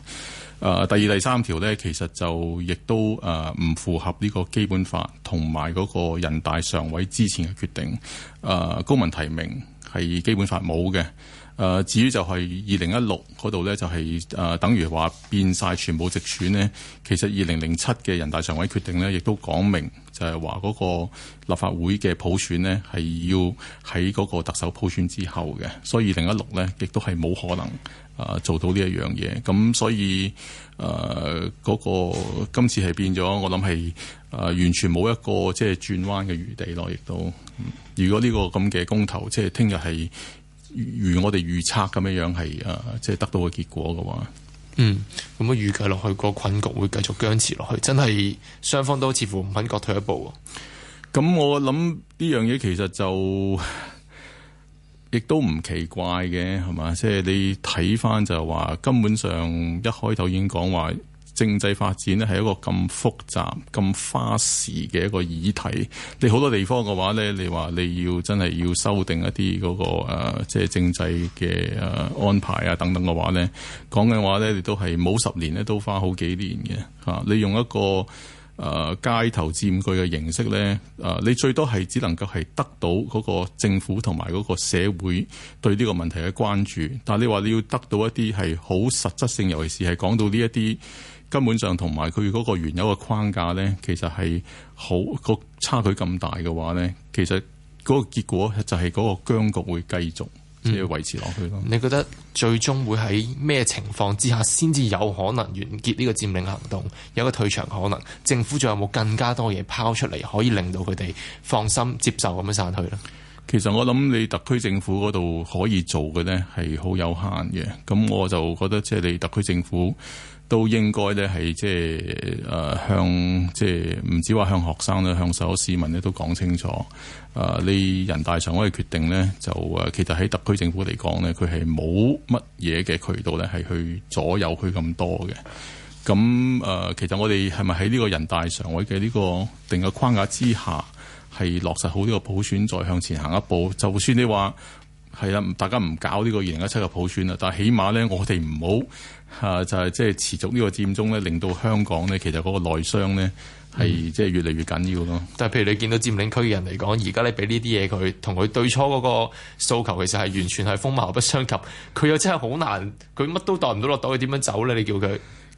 誒、啊，第二第三條呢，其實就亦都誒唔符合呢個基本法同埋嗰個人大常委之前嘅決定。誒、啊，公民提名。係基本法冇嘅。誒、呃、至於就係二零一六嗰度呢就係、是、誒、呃、等於話變晒全部直選呢，其實二零零七嘅人大常委決定呢亦都講明就係話嗰個立法會嘅普選呢係要喺嗰個特首普選之後嘅。所以二零一六呢，亦都係冇可能誒、呃、做到呢一樣嘢。咁所以誒嗰、呃嗰個今次係變咗，我諗係誒完全冇一個即係轉彎嘅餘地咯。亦都、嗯、如果呢個咁嘅公投，即係聽日係。如我哋預測咁樣樣係誒，即係得到嘅結果嘅話，嗯，咁啊預計落去個困局會繼續僵持落去，真係雙方都似乎唔肯各退一步。咁、嗯、我諗呢樣嘢其實就亦都唔奇怪嘅，係嘛？即係你睇翻就話，根本上一開頭已經講話。政制發展咧係一個咁複雜、咁花時嘅一個議題。你好多地方嘅話咧，你話你要真係要修訂一啲嗰、那個、呃、即係政制嘅安排啊等等嘅話呢，講嘅話呢，你都係冇十年咧都花好幾年嘅嚇、啊。你用一個誒、呃、街頭佔據嘅形式呢，誒、啊、你最多係只能夠係得到嗰個政府同埋嗰個社會對呢個問題嘅關注。但係你話你要得到一啲係好實質性，尤其是係講到呢一啲。根本上同埋佢嗰個原有嘅框架咧，其實，係好個差距咁大嘅話咧，其實嗰個結果就係嗰個僵局會繼續，即係、嗯、維持落去咯。你覺得最終會，喺咩情況之下先至有可能完結呢個佔領行動有個退場可能？政府仲有冇更加多嘢拋出嚟，可以令到佢哋放心接受咁樣散去咧？其實，我諗你特區政府嗰度可以做嘅咧係好有限嘅。咁我就覺得，即係你特區政府。都應該咧係即係誒向即係唔止話向學生咧，向所有市民咧都講清楚。誒、呃，呢人大常委嘅決定咧，就誒、呃、其實喺特區政府嚟講咧，佢係冇乜嘢嘅渠道咧，係去左右佢咁多嘅。咁、嗯、誒、呃，其實我哋係咪喺呢個人大常委嘅呢個定嘅框架之下，係落實好呢個普選再向前行一步？就算你話。係啦，大家唔搞呢個二零一七嘅普選啦，但係起碼咧，我哋唔好嚇就係即係持續呢個佔中咧，令到香港咧，其實嗰個內傷咧係即係越嚟越緊要咯。但係譬如你見到佔領區嘅人嚟講，而家你俾呢啲嘢佢，同佢對初嗰個訴求，其實係完全係風貌不相及，佢又真係好難，佢乜都帶唔到落袋，佢點樣走咧？你叫佢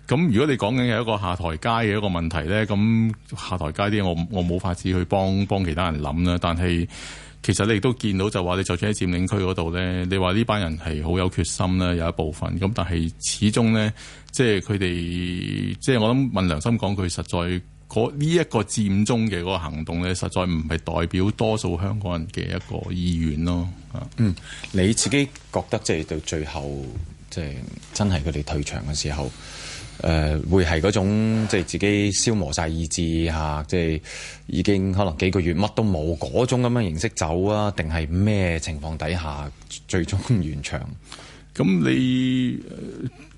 咁、嗯？如果你講緊係一個下台階嘅一個問題咧，咁下台階啲我我冇法子去幫幫其他人諗啦，但係。其實你亦都見到就話你就算喺佔領區嗰度咧，你話呢班人係好有決心啦，有一部分咁，但係始終咧，即係佢哋，即係我諗問良心講句，佢實在呢一個佔中嘅嗰個行動咧，實在唔係代表多數香港人嘅一個意願咯。嗯，你自己覺得即係到最後，即係真係佢哋退場嘅時候。誒、呃、會係嗰種即係自己消磨晒意志嚇、啊，即係已經可能幾個月乜都冇嗰種咁樣形式走啊？定係咩情況底下最終完場？咁你？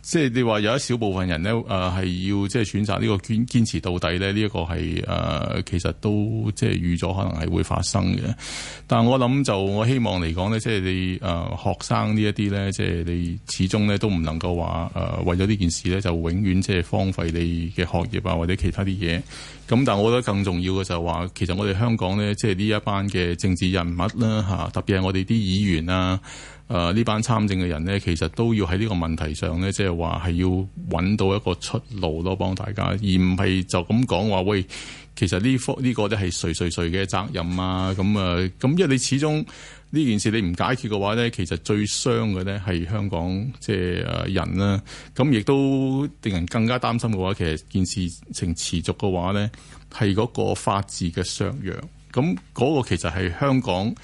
即係你話有一小部分人咧，誒係要即係選擇呢個堅堅持到底咧，呢一個係誒其實都即係預咗可能係會發生嘅。但係我諗就我希望嚟講咧，即係你誒學生呢一啲咧，即係你始終咧都唔能夠話誒為咗呢件事咧就永遠即係荒廢你嘅學業啊或者其他啲嘢。咁但係我覺得更重要嘅就係話，其實我哋香港咧即係呢一班嘅政治人物啦嚇，特別係我哋啲議員啊。誒呢、呃、班參政嘅人呢，其實都要喺呢個問題上呢，即係話係要揾到一個出路咯，幫大家，而唔係就咁講話喂，其實呢方呢個咧係誰誰誰嘅責任啊？咁、嗯、啊，咁因為你始終呢件事你唔解決嘅話呢，其實最傷嘅呢係香港即係、呃、誒人啦、啊。咁亦都令人更加擔心嘅話，其實件事情持續嘅話呢，係嗰個法治嘅削弱。咁、嗯、嗰、嗰個其實係香港。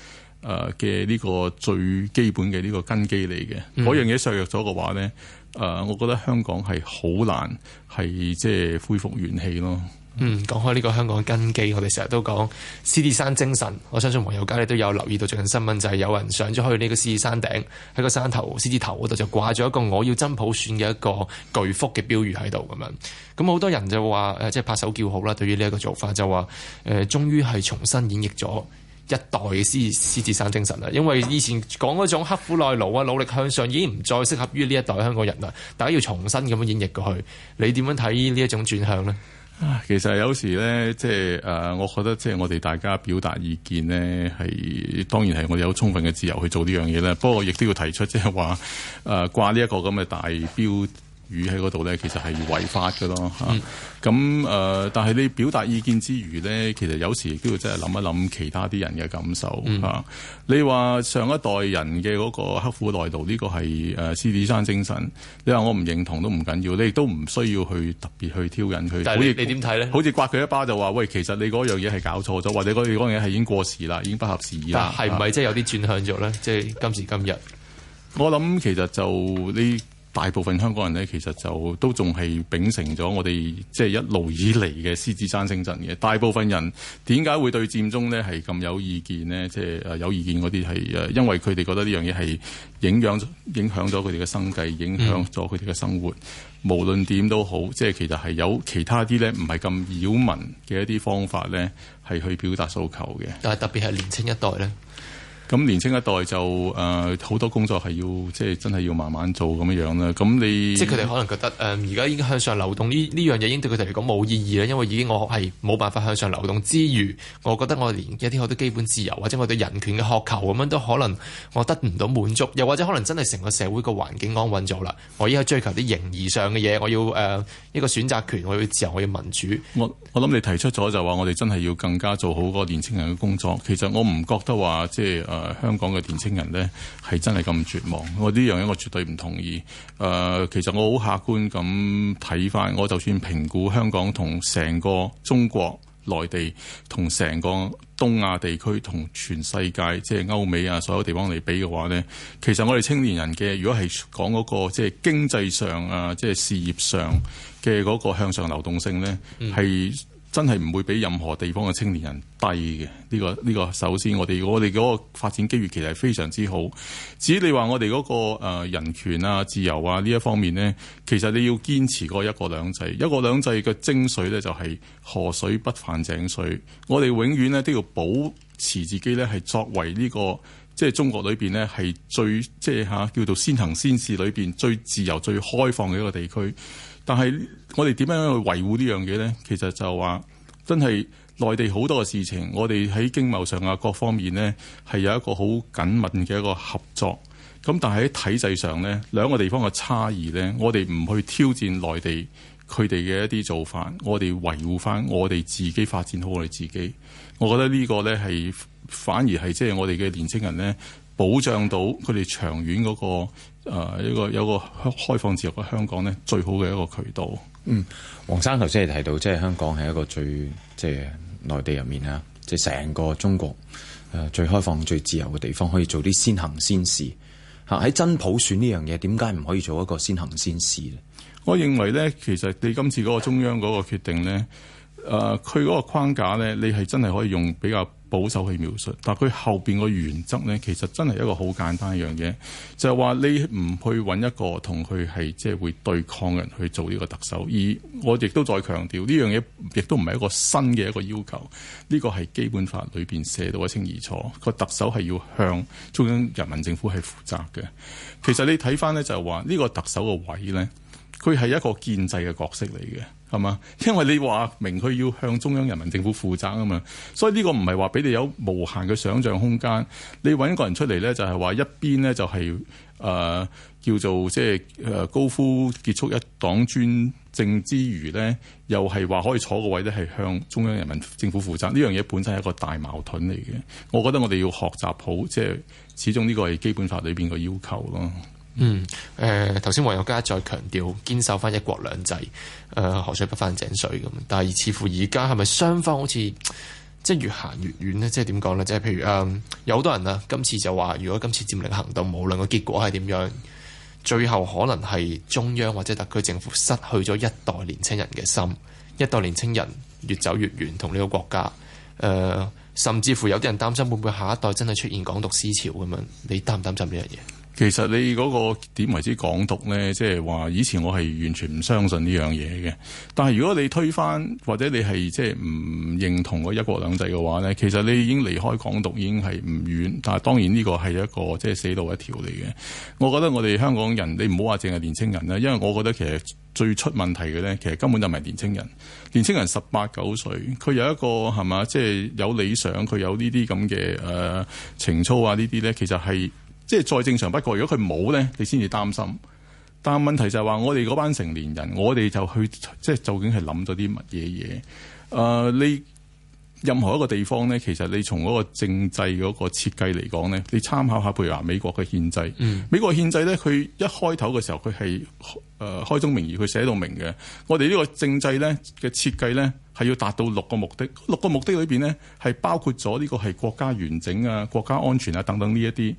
誒嘅呢個最基本嘅呢個根基嚟嘅，嗰、嗯、樣嘢削弱咗嘅話呢。誒、啊，我覺得香港係好難係即係恢復元氣咯。嗯，講開呢個香港根基，我哋成日都講獅子山精神。我相信黃友嘉你都有留意到最近新聞，就係有人上咗去呢個獅子山頂，喺個山頭獅子頭嗰度就掛咗一個我要真普選嘅一個巨幅嘅標語喺度咁樣。咁好多人就話誒，即、就、係、是、拍手叫好啦，對於呢一個做法就話誒、呃，終於係重新演繹咗。一代嘅獅獅子山精神啊，因為以前講嗰種刻苦耐勞啊、努力向上，已經唔再適合於呢一代香港人啦。大家要重新咁樣演繹過去，你點樣睇呢一種轉向咧？啊，其實有時咧，即係誒，我覺得即係我哋大家表達意見咧，係當然係我哋有充分嘅自由去做呢樣嘢啦。不過亦都要提出，即係話，誒掛呢一個咁嘅大標。語喺嗰度咧，其實係違法嘅咯嚇。咁、啊、誒、嗯呃，但係你表達意見之餘咧，其實有時亦都要真係諗一諗其他啲人嘅感受嚇、嗯啊。你話上一代人嘅嗰個刻苦耐勞，呢個係誒獅子山精神，你話我唔認同都唔緊要，你亦都唔需要去特別去挑釁佢。但係你點睇咧？好似刮佢一巴就話喂，其實你嗰樣嘢係搞錯咗，或者嗰你嗰樣嘢係已經過時啦，已經不合時宜啦。係唔係即係有啲轉向咗咧？即係、啊、今時今日，我諗其實就呢。大部分香港人咧，其實就都仲係秉承咗我哋即係一路以嚟嘅獅子山精神嘅。大部分人點解會對佔中咧係咁有意見呢？即係誒有意見嗰啲係誒，因為佢哋覺得呢樣嘢係影響咗影響咗佢哋嘅生計，影響咗佢哋嘅生活。嗯、無論點都好，即係其實係有其他啲咧唔係咁擾民嘅一啲方法咧，係去表達訴求嘅。但係特別係年輕一代咧。咁年青一代就誒好、呃、多工作係要即係真係要慢慢做咁樣樣啦。咁你即係佢哋可能覺得誒而家已經向上流動呢呢樣嘢已經對佢哋嚟講冇意義啦，因為已經我係冇辦法向上流動之餘，我覺得我連一啲好多基本自由或者我對人權嘅渴求咁樣都可能我得唔到滿足，又或者可能真係成個社會個環境安穩咗啦，我依家追求啲形而上嘅嘢，我要誒、呃、一個選擇權，我要自由，我要民主。我我諗你提出咗就話，我哋真係要更加做好嗰個年青人嘅工作。其實我唔覺得話，即係。呃誒香港嘅年青人呢，係真係咁絕望，我呢樣嘢我絕對唔同意。誒、呃，其實我好客觀咁睇翻，我就算評估香港同成個中國內地同成個東亞地區同全世界，即係歐美啊所有地方嚟比嘅話呢，其實我哋青年人嘅，如果係講嗰個，即係經濟上啊，即係事業上嘅嗰個向上流動性呢，係、嗯。真係唔會比任何地方嘅青年人低嘅，呢、這個呢、這個首先我哋我哋嗰個發展機遇其實係非常之好。至於你話我哋嗰、那個、呃、人權啊、自由啊呢一方面呢，其實你要堅持嗰一國兩制，一國兩制嘅精髓呢，就係、是、河水不犯井水，我哋永遠咧都要保持自己呢，係作為呢、這個。即係中國裏邊呢，係最即係吓叫做先行先試裏邊最自由、最開放嘅一個地區。但係我哋點樣去維護呢樣嘢呢？其實就話真係內地好多嘅事情，我哋喺經貿上啊各方面呢，係有一個好緊密嘅一個合作。咁但係喺體制上呢，兩個地方嘅差異呢，我哋唔去挑戰內地佢哋嘅一啲做法，我哋維護返我哋自己發展好我哋自己。我覺得呢個呢係。反而係即係我哋嘅年青人咧，保障到佢哋長遠嗰、那個、呃、一個有個開放自由嘅香港咧，最好嘅一個渠道。嗯，黃生頭先係提到，即、就、係、是、香港係一個最即係內地入面啊，即係成個中國誒最開放、最自由嘅地方，可以做啲先行先試吓喺真普選呢樣嘢，點解唔可以做一個先行先試咧？我認為咧，其實你今次嗰個中央嗰個決定咧，誒佢嗰個框架咧，你係真係可以用比較保守去描述，但係佢後邊個原則咧，其實真係一個好簡單一樣嘢，就係話你唔去揾一個同佢係即係會對抗嘅人去做呢個特首。而我亦都再強調呢樣嘢，亦都唔係一個新嘅一個要求。呢個係基本法裏邊寫到一清二楚，個特首係要向中央人民政府係負責嘅。其實你睇翻咧，就係話呢個特首嘅位咧，佢係一個建制嘅角色嚟嘅。係嘛？因為你話明佢要向中央人民政府負責啊嘛，所以呢個唔係話俾你有無限嘅想像空間。你揾個人出嚟咧，就係，就係話一邊咧就係誒叫做即係誒高呼結束一黨專政之餘咧，又係話可以坐個位咧係向中央人民政府負責。呢樣嘢本身係一個大矛盾嚟嘅。我覺得我哋要學習好，即係始終呢個係基本法裏邊嘅要求咯。嗯，誒頭先黃友嘉再強調堅守翻一國兩制，誒、呃、河水不犯井水咁。但係似乎而家係咪雙方好似即係越行越遠呢？即係點講呢？即係譬如誒、呃、有好多人啊，今次就話如果今次佔領行動無論個結果係點樣，最後可能係中央或者特區政府失去咗一代年青人嘅心，一代年青人越走越遠同呢個國家誒、呃，甚至乎有啲人擔心會唔會下一代真係出現港獨思潮咁樣？你擔唔擔心呢樣嘢？其實你嗰、那個點為之港獨呢，即係話以前我係完全唔相信呢樣嘢嘅。但係如果你推翻或者你係即係唔認同嗰一國兩制嘅話呢，其實你已經離開港獨已經係唔遠。但係當然呢個係一個即係、就是、死路一條嚟嘅。我覺得我哋香港人，你唔好話淨係年青人啦，因為我覺得其實最出問題嘅呢，其實根本就唔係年青人。年青人十八九歲，佢有一個係嘛，即係、就是、有理想，佢有呢啲咁嘅誒情操啊，呢啲呢，其實係。即係再正常不過，如果佢冇咧，你先至擔心。但係問題就係話，我哋嗰班成年人，我哋就去即係究竟係諗咗啲乜嘢嘢？誒、呃，你任何一個地方咧，其實你從嗰個政制嗰個設計嚟講咧，你參考下譬如話美國嘅憲制，嗯、美國憲制咧，佢一開頭嘅時候佢係誒開宗明義，佢寫到明嘅。我哋呢個政制咧嘅設計咧，係要達到六個目的。六個目的裏邊咧，係包括咗呢個係國家完整啊、國家安全啊等等呢一啲。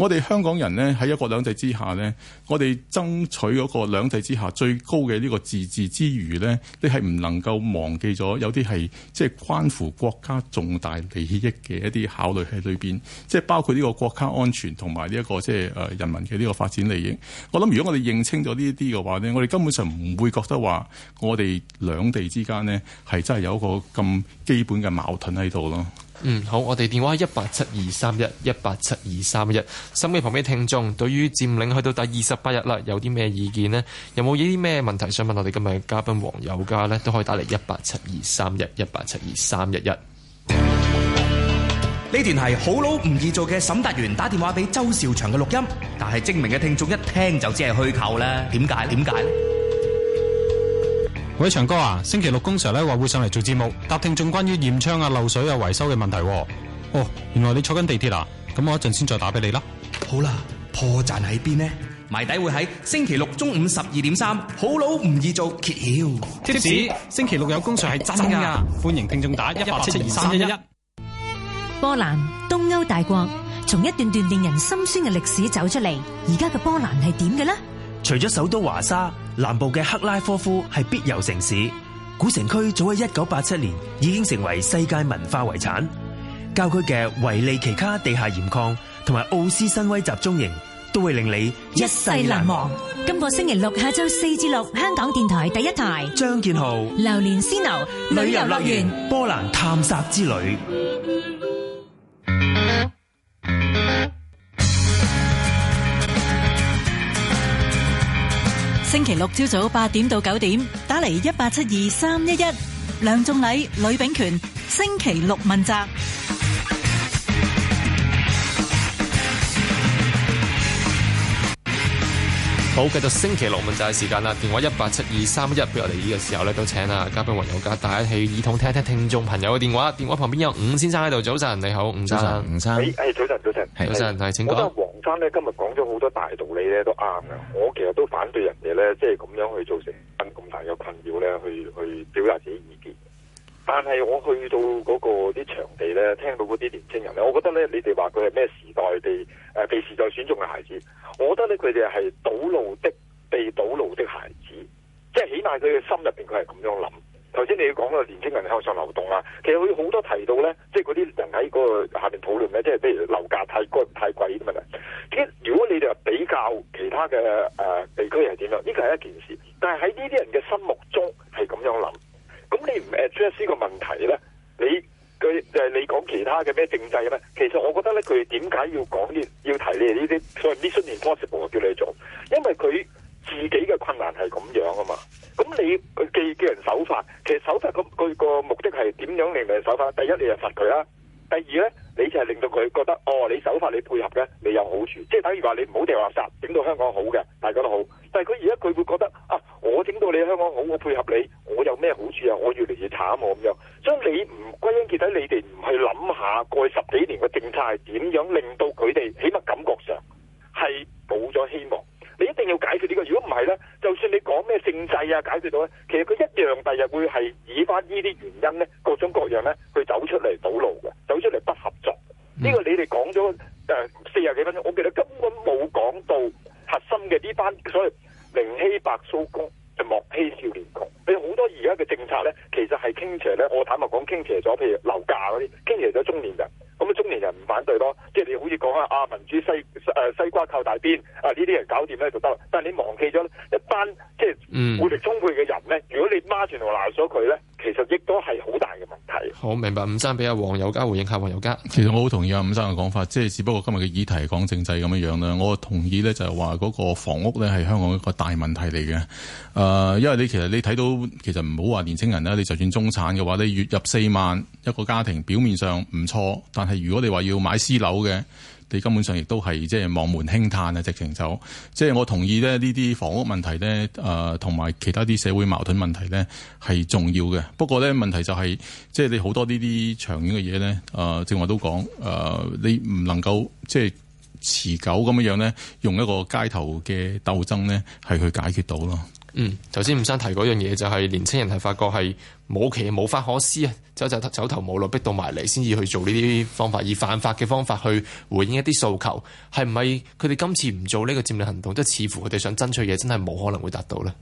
我哋香港人呢，喺一國兩制之下呢，我哋爭取嗰個兩制之下最高嘅呢個自治之餘呢，你係唔能夠忘記咗有啲係即係關乎國家重大利益嘅一啲考慮喺裏邊，即係包括呢個國家安全同埋呢一個即係誒人民嘅呢個發展利益。我諗如果我哋認清咗呢一啲嘅話呢，我哋根本上唔會覺得話，我哋兩地之間呢，係真係有一個咁基本嘅矛盾喺度咯。嗯，好，我哋電話係一八七二三一一八七二三一。心機旁邊聽眾，對於佔領去到第二十八日啦，有啲咩意見呢？有冇啲咩問題想問我哋今日嘅嘉賓黃友嘉咧？都可以打嚟一八七二三一一八七二三一一。呢段係好老唔易做嘅沈達員打電話俾周兆祥嘅錄音，但係精明嘅聽眾一聽就知係虛構啦。點解？點解？喂，長哥啊，星期六工 Sir 咧話會上嚟做節目，答聽眾關於驗窗啊、漏水啊、維修嘅問題啊。哦，原來你坐緊地鐵啦，啊，咁我一陣先再打俾你啦。好啦，破綻喺邊呢？謎底會喺星期六中午十二點三。好佬唔易做，揭曉。Tips，星期六有工 Sir 係真噶。真啊，歡迎聽眾打一八七二三一一。波蘭東歐大國，從一段段令人心酸嘅歷史走出嚟，而家嘅波蘭係點嘅咧？除咗首都華沙，南部嘅克拉科夫係必遊城市。古城區早喺一九八七年已經成為世界文化遺產。郊區嘅維利奇卡地下鹽礦同埋奧斯新威集中營都會令你一世難忘。難忘今個星期六，下晝四至六，香港電台第一台，張建豪榴蓮 Snow 旅遊樂園波蘭探索之旅。星期六朝早八點到九點，打嚟，一八七二三一一，梁仲禮、呂秉權，星期六問責。好，繼續星期六問責嘅時間啦，電話一八七二三一，畀我哋呢個時候咧都請啊嘉賓、朋友家戴起耳筒聽一聽，聽眾朋友嘅電話。電話旁邊有伍先生喺度，早晨你好，伍生。早晨，伍生。係早晨，早晨。早晨，係請講。今日講咗好多大道理咧，都啱嘅。我其實都反對人哋咧，即係咁樣去造成咁大嘅困擾咧，去去表達自己意見。但係我去到嗰個啲場地咧，聽到嗰啲年青人咧，我覺得咧，你哋話佢係咩時代的誒被時代選中嘅孩子，我覺得咧佢哋係堵路的被堵路的孩子，即係起碼佢嘅心入邊佢係咁樣諗。頭先你要講個年輕人向上流動啦，其實佢好多提到咧，即係嗰啲人喺個下邊討論咧，即係譬如樓價太高太貴啲問題。如果如果你哋話比較其他嘅誒、呃、地區係點樣，呢個係一件事。但係喺呢啲人嘅心目中係咁樣諗。咁你唔誒 address 呢個問題咧，你佢誒、就係、你講其他嘅咩政制咧，其實我覺得咧佢點解要講呢，要提你哋呢啲，所謂 mission impossible 我叫你做，因為佢自己嘅困難係咁樣啊嘛。咁你佢叫叫人守法，其實守法個個個目的係點樣令人守法？第一，你就罰佢啦；第二呢，你就係令到佢覺得，哦，你守法你配合呢，你有好處。即係等於話你唔好掉垃圾，整到香港好嘅，大家都好。但係佢而家佢會覺得，啊，我整到你香港好，我配合你，我有咩好處啊？我越嚟越慘，我咁樣。所以你唔歸根結底，你哋唔去諗下過去十幾年嘅政策係點樣令到佢哋，起碼感覺上係冇咗希望。你一定要解決呢、這個，如果唔係呢，就算你講咩政制啊解決到呢？其實佢一樣第日會係以翻呢啲原因呢，各種各樣呢，去走出嚟堵路嘅，走出嚟不合作。呢、嗯、個你哋講咗誒四十幾分鐘，我記得根本冇講到核心嘅呢班所謂寧欺白鬚公」、「就莫欺少年窮。你好多而家嘅政策呢，其實係傾斜呢。我坦白講傾斜咗，譬如樓價嗰啲傾斜咗中年人。咁啊中年人唔反對咯，即係你好似講下啊民主西。誒西瓜靠大邊啊！呢啲人搞掂咧就得啦，但係你忘記咗一班即係活力充沛嘅人咧，嗯、如果你抹斷同鬧咗佢咧，其實亦都係好大嘅問題。我明白，呂生俾阿黃友嘉回應下黃友嘉。家其實我好同意阿呂生嘅講法，即係只不過今日嘅議題講政制咁樣樣啦。我同意咧就係話嗰個房屋咧係香港一個大問題嚟嘅。誒、呃，因為你其實你睇到其實唔好話年輕人啦，你就算中產嘅話你月入四萬一個家庭表面上唔錯，但係如果你話要買私樓嘅。你根本上亦都係即係望門輕嘆啊！直情就即係我同意咧，呢啲房屋問題咧，誒同埋其他啲社會矛盾問題咧係重要嘅。不過咧問題就係，即係你好多呢啲長遠嘅嘢咧，誒正話都講誒，你唔能夠即係持久咁樣樣咧，用一個街頭嘅鬥爭咧係去解決到咯。嗯，頭先吳生提嗰樣嘢就係、係、年青人係發覺係冇期冇法可施啊，走就走，走投無路，逼到埋嚟先至去做呢啲方法，以犯法嘅方法去回應一啲訴求，係唔係佢哋今次唔做呢個佔領行動，即係似乎佢哋想爭取嘢真係冇可能會達到咧。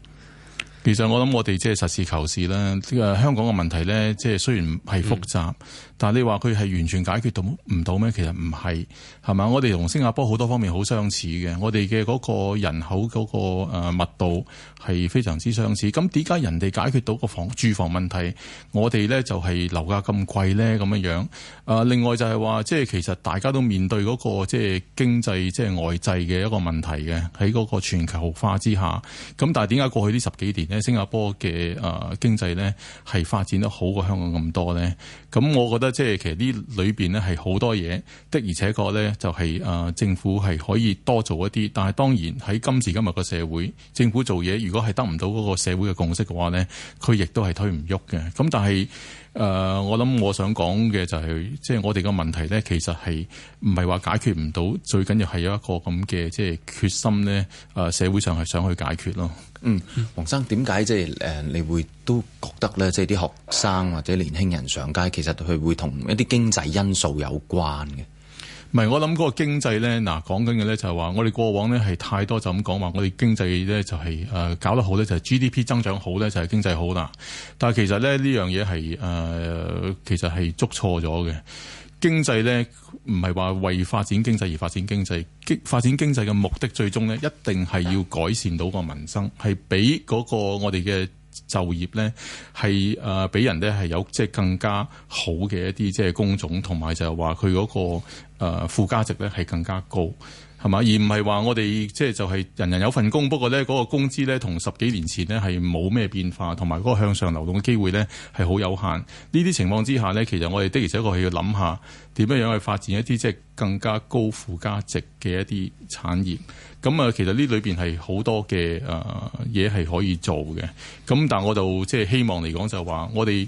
其實我諗我哋即係實事求是啦，呢個香港嘅問題咧，即係雖然係複雜，嗯、但係你話佢係完全解決到唔到咩？其實唔係，係嘛？我哋同新加坡好多方面好相似嘅，我哋嘅個人口個誒密度係非常之相似。咁點解人哋解決到個房住房問題，我哋咧就係樓價咁貴咧咁樣樣？啊另外就係、係、話，即係其實大家都面對、嗰個即係經濟即係外債嘅一個問題嘅，喺個全球化之下，咁但係點解過去呢十幾年？喺新加坡嘅，啊、呃、經濟咧係發展得好過香港咁多咧，咁我覺得即係其實呢裏邊咧係好多嘢，的而且確咧就係、是、啊、呃、政府係可以多做一啲，但係當然喺今時今日個社會，政府做嘢如果係得唔到嗰個社會嘅共識嘅話咧，佢亦都係推唔喐嘅。咁但係誒、呃，我諗、就是就是、我想講嘅就係，即係我哋個問題咧，其實係唔係話解決唔到，最緊要係有一個咁嘅即係決心咧、啊、呃、社會上係想去解決咯。嗯，黃生，點解即係誒，你會都覺得咧，即係啲學生或者年輕人上街，其實佢會同一啲經濟因素有關嘅？唔係、嗯，我諗嗰個經濟咧，嗱，講緊嘅咧就係話，我哋過往咧係太多就咁講話，我哋經濟咧就係、是、誒搞得好咧，就係、是、GDP 增長好咧，就係、是、經濟好啦。但係其實咧呢樣嘢係誒，其實係捉錯咗嘅。經濟咧唔係話為發展經濟而發展經濟，經發展經濟嘅目的最終咧一定係要改善到個民生，係俾嗰個我哋嘅就業咧係誒俾人咧係有即係更加好嘅一啲即係工種，同埋就係話佢嗰個呃、附加值咧係更加高。係嘛？而唔係話我哋即係就係人人有份工，不過咧嗰個工資咧同十幾年前呢，係冇咩變化，同埋嗰個向上流動嘅機會咧係好有限。呢啲情況之下咧，其實我哋的而且確係要諗下點樣樣去發展一啲即係更加高附加值嘅一啲產業。咁啊，其實呢裏邊係好多嘅誒嘢係可以做嘅。咁但我就即係希望嚟講就話我哋。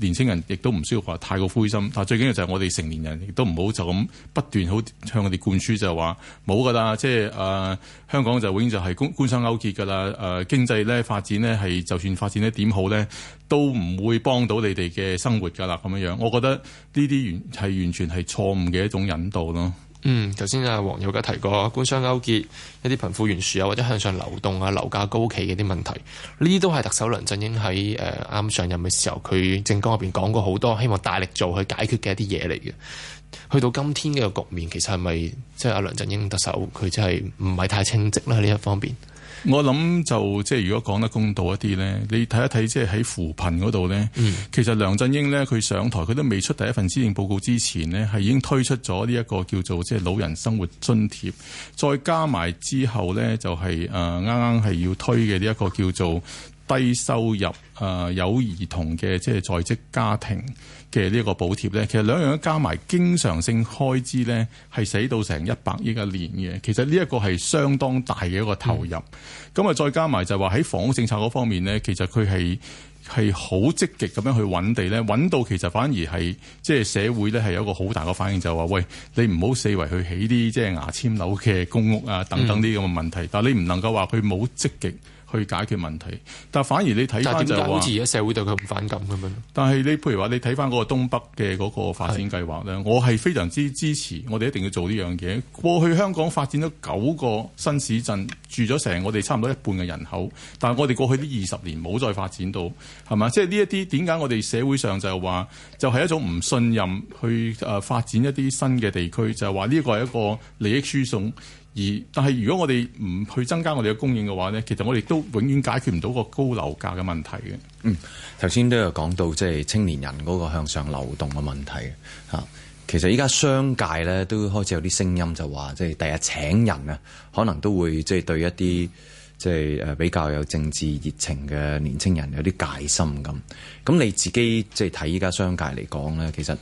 年青人亦都唔需要話太過灰心，但最緊要就係我哋成年人亦都唔好就咁不斷好向我哋灌輸就係話冇㗎啦，即係誒、呃、香港就永遠就係官官商勾結㗎啦，誒、呃、經濟咧發展咧係就算發展得點好咧，都唔會幫到你哋嘅生活㗎啦，咁樣樣，我覺得呢啲完係完全係錯誤嘅一種引導咯。嗯，頭先阿黃友嘉提過官商勾結、一啲貧富懸殊啊，或者向上流動啊、樓價高企嘅啲問題，呢啲都係特首梁振英喺誒啱上任嘅時候，佢政綱入邊講過好多，希望大力做去解決嘅一啲嘢嚟嘅。去到今天嘅局面，其實係咪即係阿梁振英特首佢真係唔係太稱職咧？呢一方面。我諗就即係如果講得公道一啲咧，你睇一睇即係喺扶貧嗰度咧，嗯、其實梁振英咧，佢上台，佢都未出第一份施政報告之前呢，係已經推出咗呢一個叫做即係老人生活津貼，再加埋之後咧，就係誒啱啱係要推嘅呢一個叫做低收入誒、呃、有兒童嘅即係在職家庭。嘅呢個補貼呢，其實兩樣加埋經常性開支呢，係使到成一百億一年嘅。其實呢一個係相當大嘅一個投入。咁啊、嗯，再加埋就係話喺房屋政策嗰方面呢，其實佢係係好積極咁樣去揾地呢，揾到其實反而係即係社會呢，係有一個好大嘅反應，就係、是、話喂，你唔好四圍去起啲即係牙籤樓嘅公屋啊，等等啲咁嘅問題。嗯、但係你唔能夠話佢冇積極。去解決問題，但反而你睇翻就話，但係點解好似啊社會對佢咁反感咁樣？但係你譬如話你睇翻嗰個東北嘅嗰個發展計劃咧，是的 我係非常之支持，我哋一定要做呢樣嘢。過去香港發展咗九個新市鎮，住咗成我哋差唔多一半嘅人口，但係我哋過去呢二十年冇再發展到，係嘛？即係呢一啲點解我哋社會上就係話，就係、是、一種唔信任去誒發展一啲新嘅地區，就係話呢個係一個利益輸送。但係，如果我哋唔去增加我哋嘅供應嘅話呢，其實我哋都永遠解決唔到個高樓價嘅問題嘅。嗯，頭先都有講到，即係青年人嗰個向上流動嘅問題啊。其實依家商界呢都開始有啲聲音就，就話即係第日請人啊，可能都會即係對一啲即係誒比較有政治熱情嘅年輕人有啲戒心咁。咁你自己即係睇依家商界嚟講呢，其實。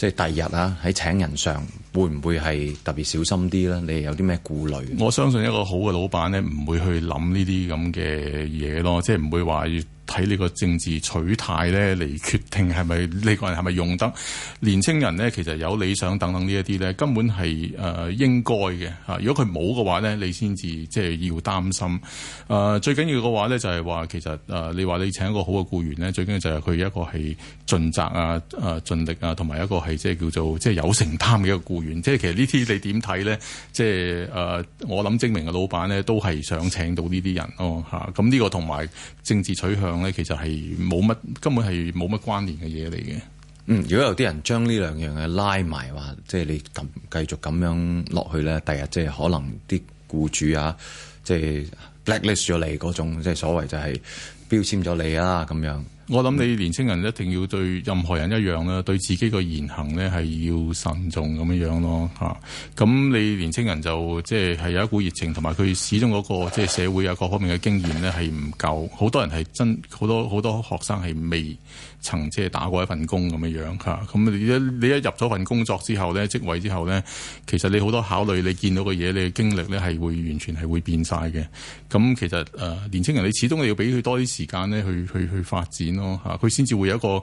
即係第日啦、啊，喺請人上會唔會係特別小心啲咧？你哋有啲咩顧慮？我相信一個好嘅老闆咧，唔會去諗呢啲咁嘅嘢咯，即係唔會話，睇呢個政治取態咧，嚟決定係咪呢個人係咪用得年青人咧？其實有理想等等呢一啲咧，根本係誒、呃、應該嘅嚇。如果佢冇嘅話咧，你先至即係要擔心。誒、呃、最緊要嘅話咧，就係話其實誒、呃、你話你請一個好嘅僱員咧，最緊要就係佢一個係盡責啊、誒、啊、盡力啊，同埋一個係即係叫做即係有承擔嘅一個僱員。即係其實呢啲你點睇咧？即係誒、呃、我諗精明嘅老闆咧，都係想請到呢啲人哦嚇。咁呢個同埋政治取向。其實係冇乜，根本係冇乜關聯嘅嘢嚟嘅。嗯，如果有啲人將呢兩樣嘢拉埋，話即係你咁繼續咁樣落去咧，第日即係可能啲僱主啊，即係 blacklist 咗你嗰種，即係所謂就係標籤咗你啊咁樣。我諗，你年青人一定要對任何人一樣啦，對自己個言行咧係要慎重咁樣樣咯嚇。咁、啊、你年青人就即係係有一股熱情，同埋佢始終嗰、那個即係社會啊各方面嘅經驗咧係唔夠，好多人係真好多好多學生係未。曾即係打過一份工咁嘅樣嚇，咁你一你一入咗份工作之後咧，職位之後咧，其實你好多考慮，你見到嘅嘢，你嘅經歷咧係會完全係會變晒嘅。咁其實誒、呃，年青人你始終你要俾佢多啲時間咧，去去去發展咯嚇，佢先至會有一個。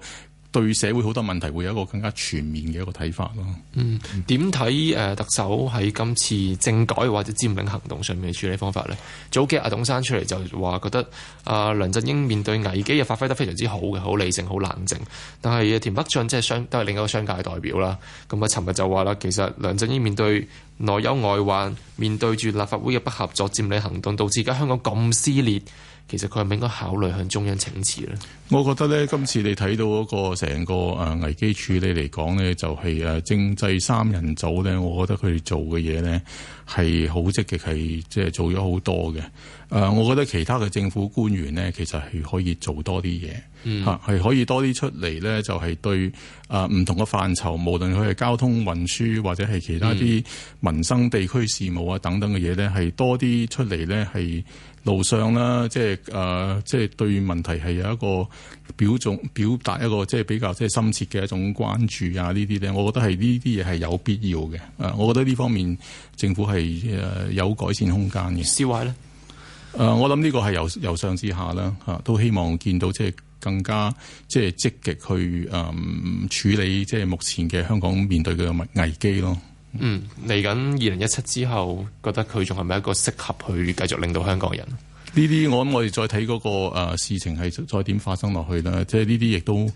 對社會好多問題會有一個更加全面嘅一個睇法咯。嗯，點睇誒特首喺今次政改或者佔領行動上面嘅處理方法咧？早幾日，阿董生出嚟就話覺得阿梁振英面對危機又發揮得非常之好嘅，好理性，好冷靜。但係啊，田北俊即係商都係另一個商界代表啦。咁啊，尋日就話啦，其實梁振英面對內憂外患，面對住立法會嘅不合作佔領行動，導致而家香港咁撕裂。其實佢係咪應該考慮向中央請辭咧？我覺得咧，今次你睇到嗰個成個誒危機處理嚟講咧，就係、是、誒、啊、政制三人組咧，我覺得佢哋做嘅嘢咧係好積極，係即係做咗好多嘅。誒、啊，我覺得其他嘅政府官員咧，其實係可以做多啲嘢，嚇係、嗯啊、可以多啲出嚟咧，就係、是、對誒、啊、唔同嘅範疇，無論佢係交通運輸或者係其他啲民生地區事務啊等等嘅嘢咧，係多啲出嚟咧係。路上啦，即係誒、呃、即係對問題係有一個表眾表達一個即係比較即係深切嘅一種關注啊！呢啲咧，我覺得係呢啲嘢係有必要嘅。誒我覺得呢方面政府係誒有改善空間嘅。施惠咧，誒、呃、我諗呢個係由由上之下啦，吓、啊、都希望見到即係更加即係積極去誒、嗯、處理即係目前嘅香港面對嘅危機咯。嗯，嚟緊二零一七之後，覺得佢仲係咪一個適合去繼續令到香港人呢啲？我諗我哋再睇，嗰個誒、呃、事情係再點發生落去啦。即係呢啲亦都，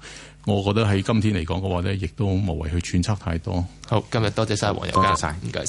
我覺得喺今天嚟講嘅話咧，亦都無謂去揣測太多。好，今日多謝晒黃友嘉，唔該、啊。謝謝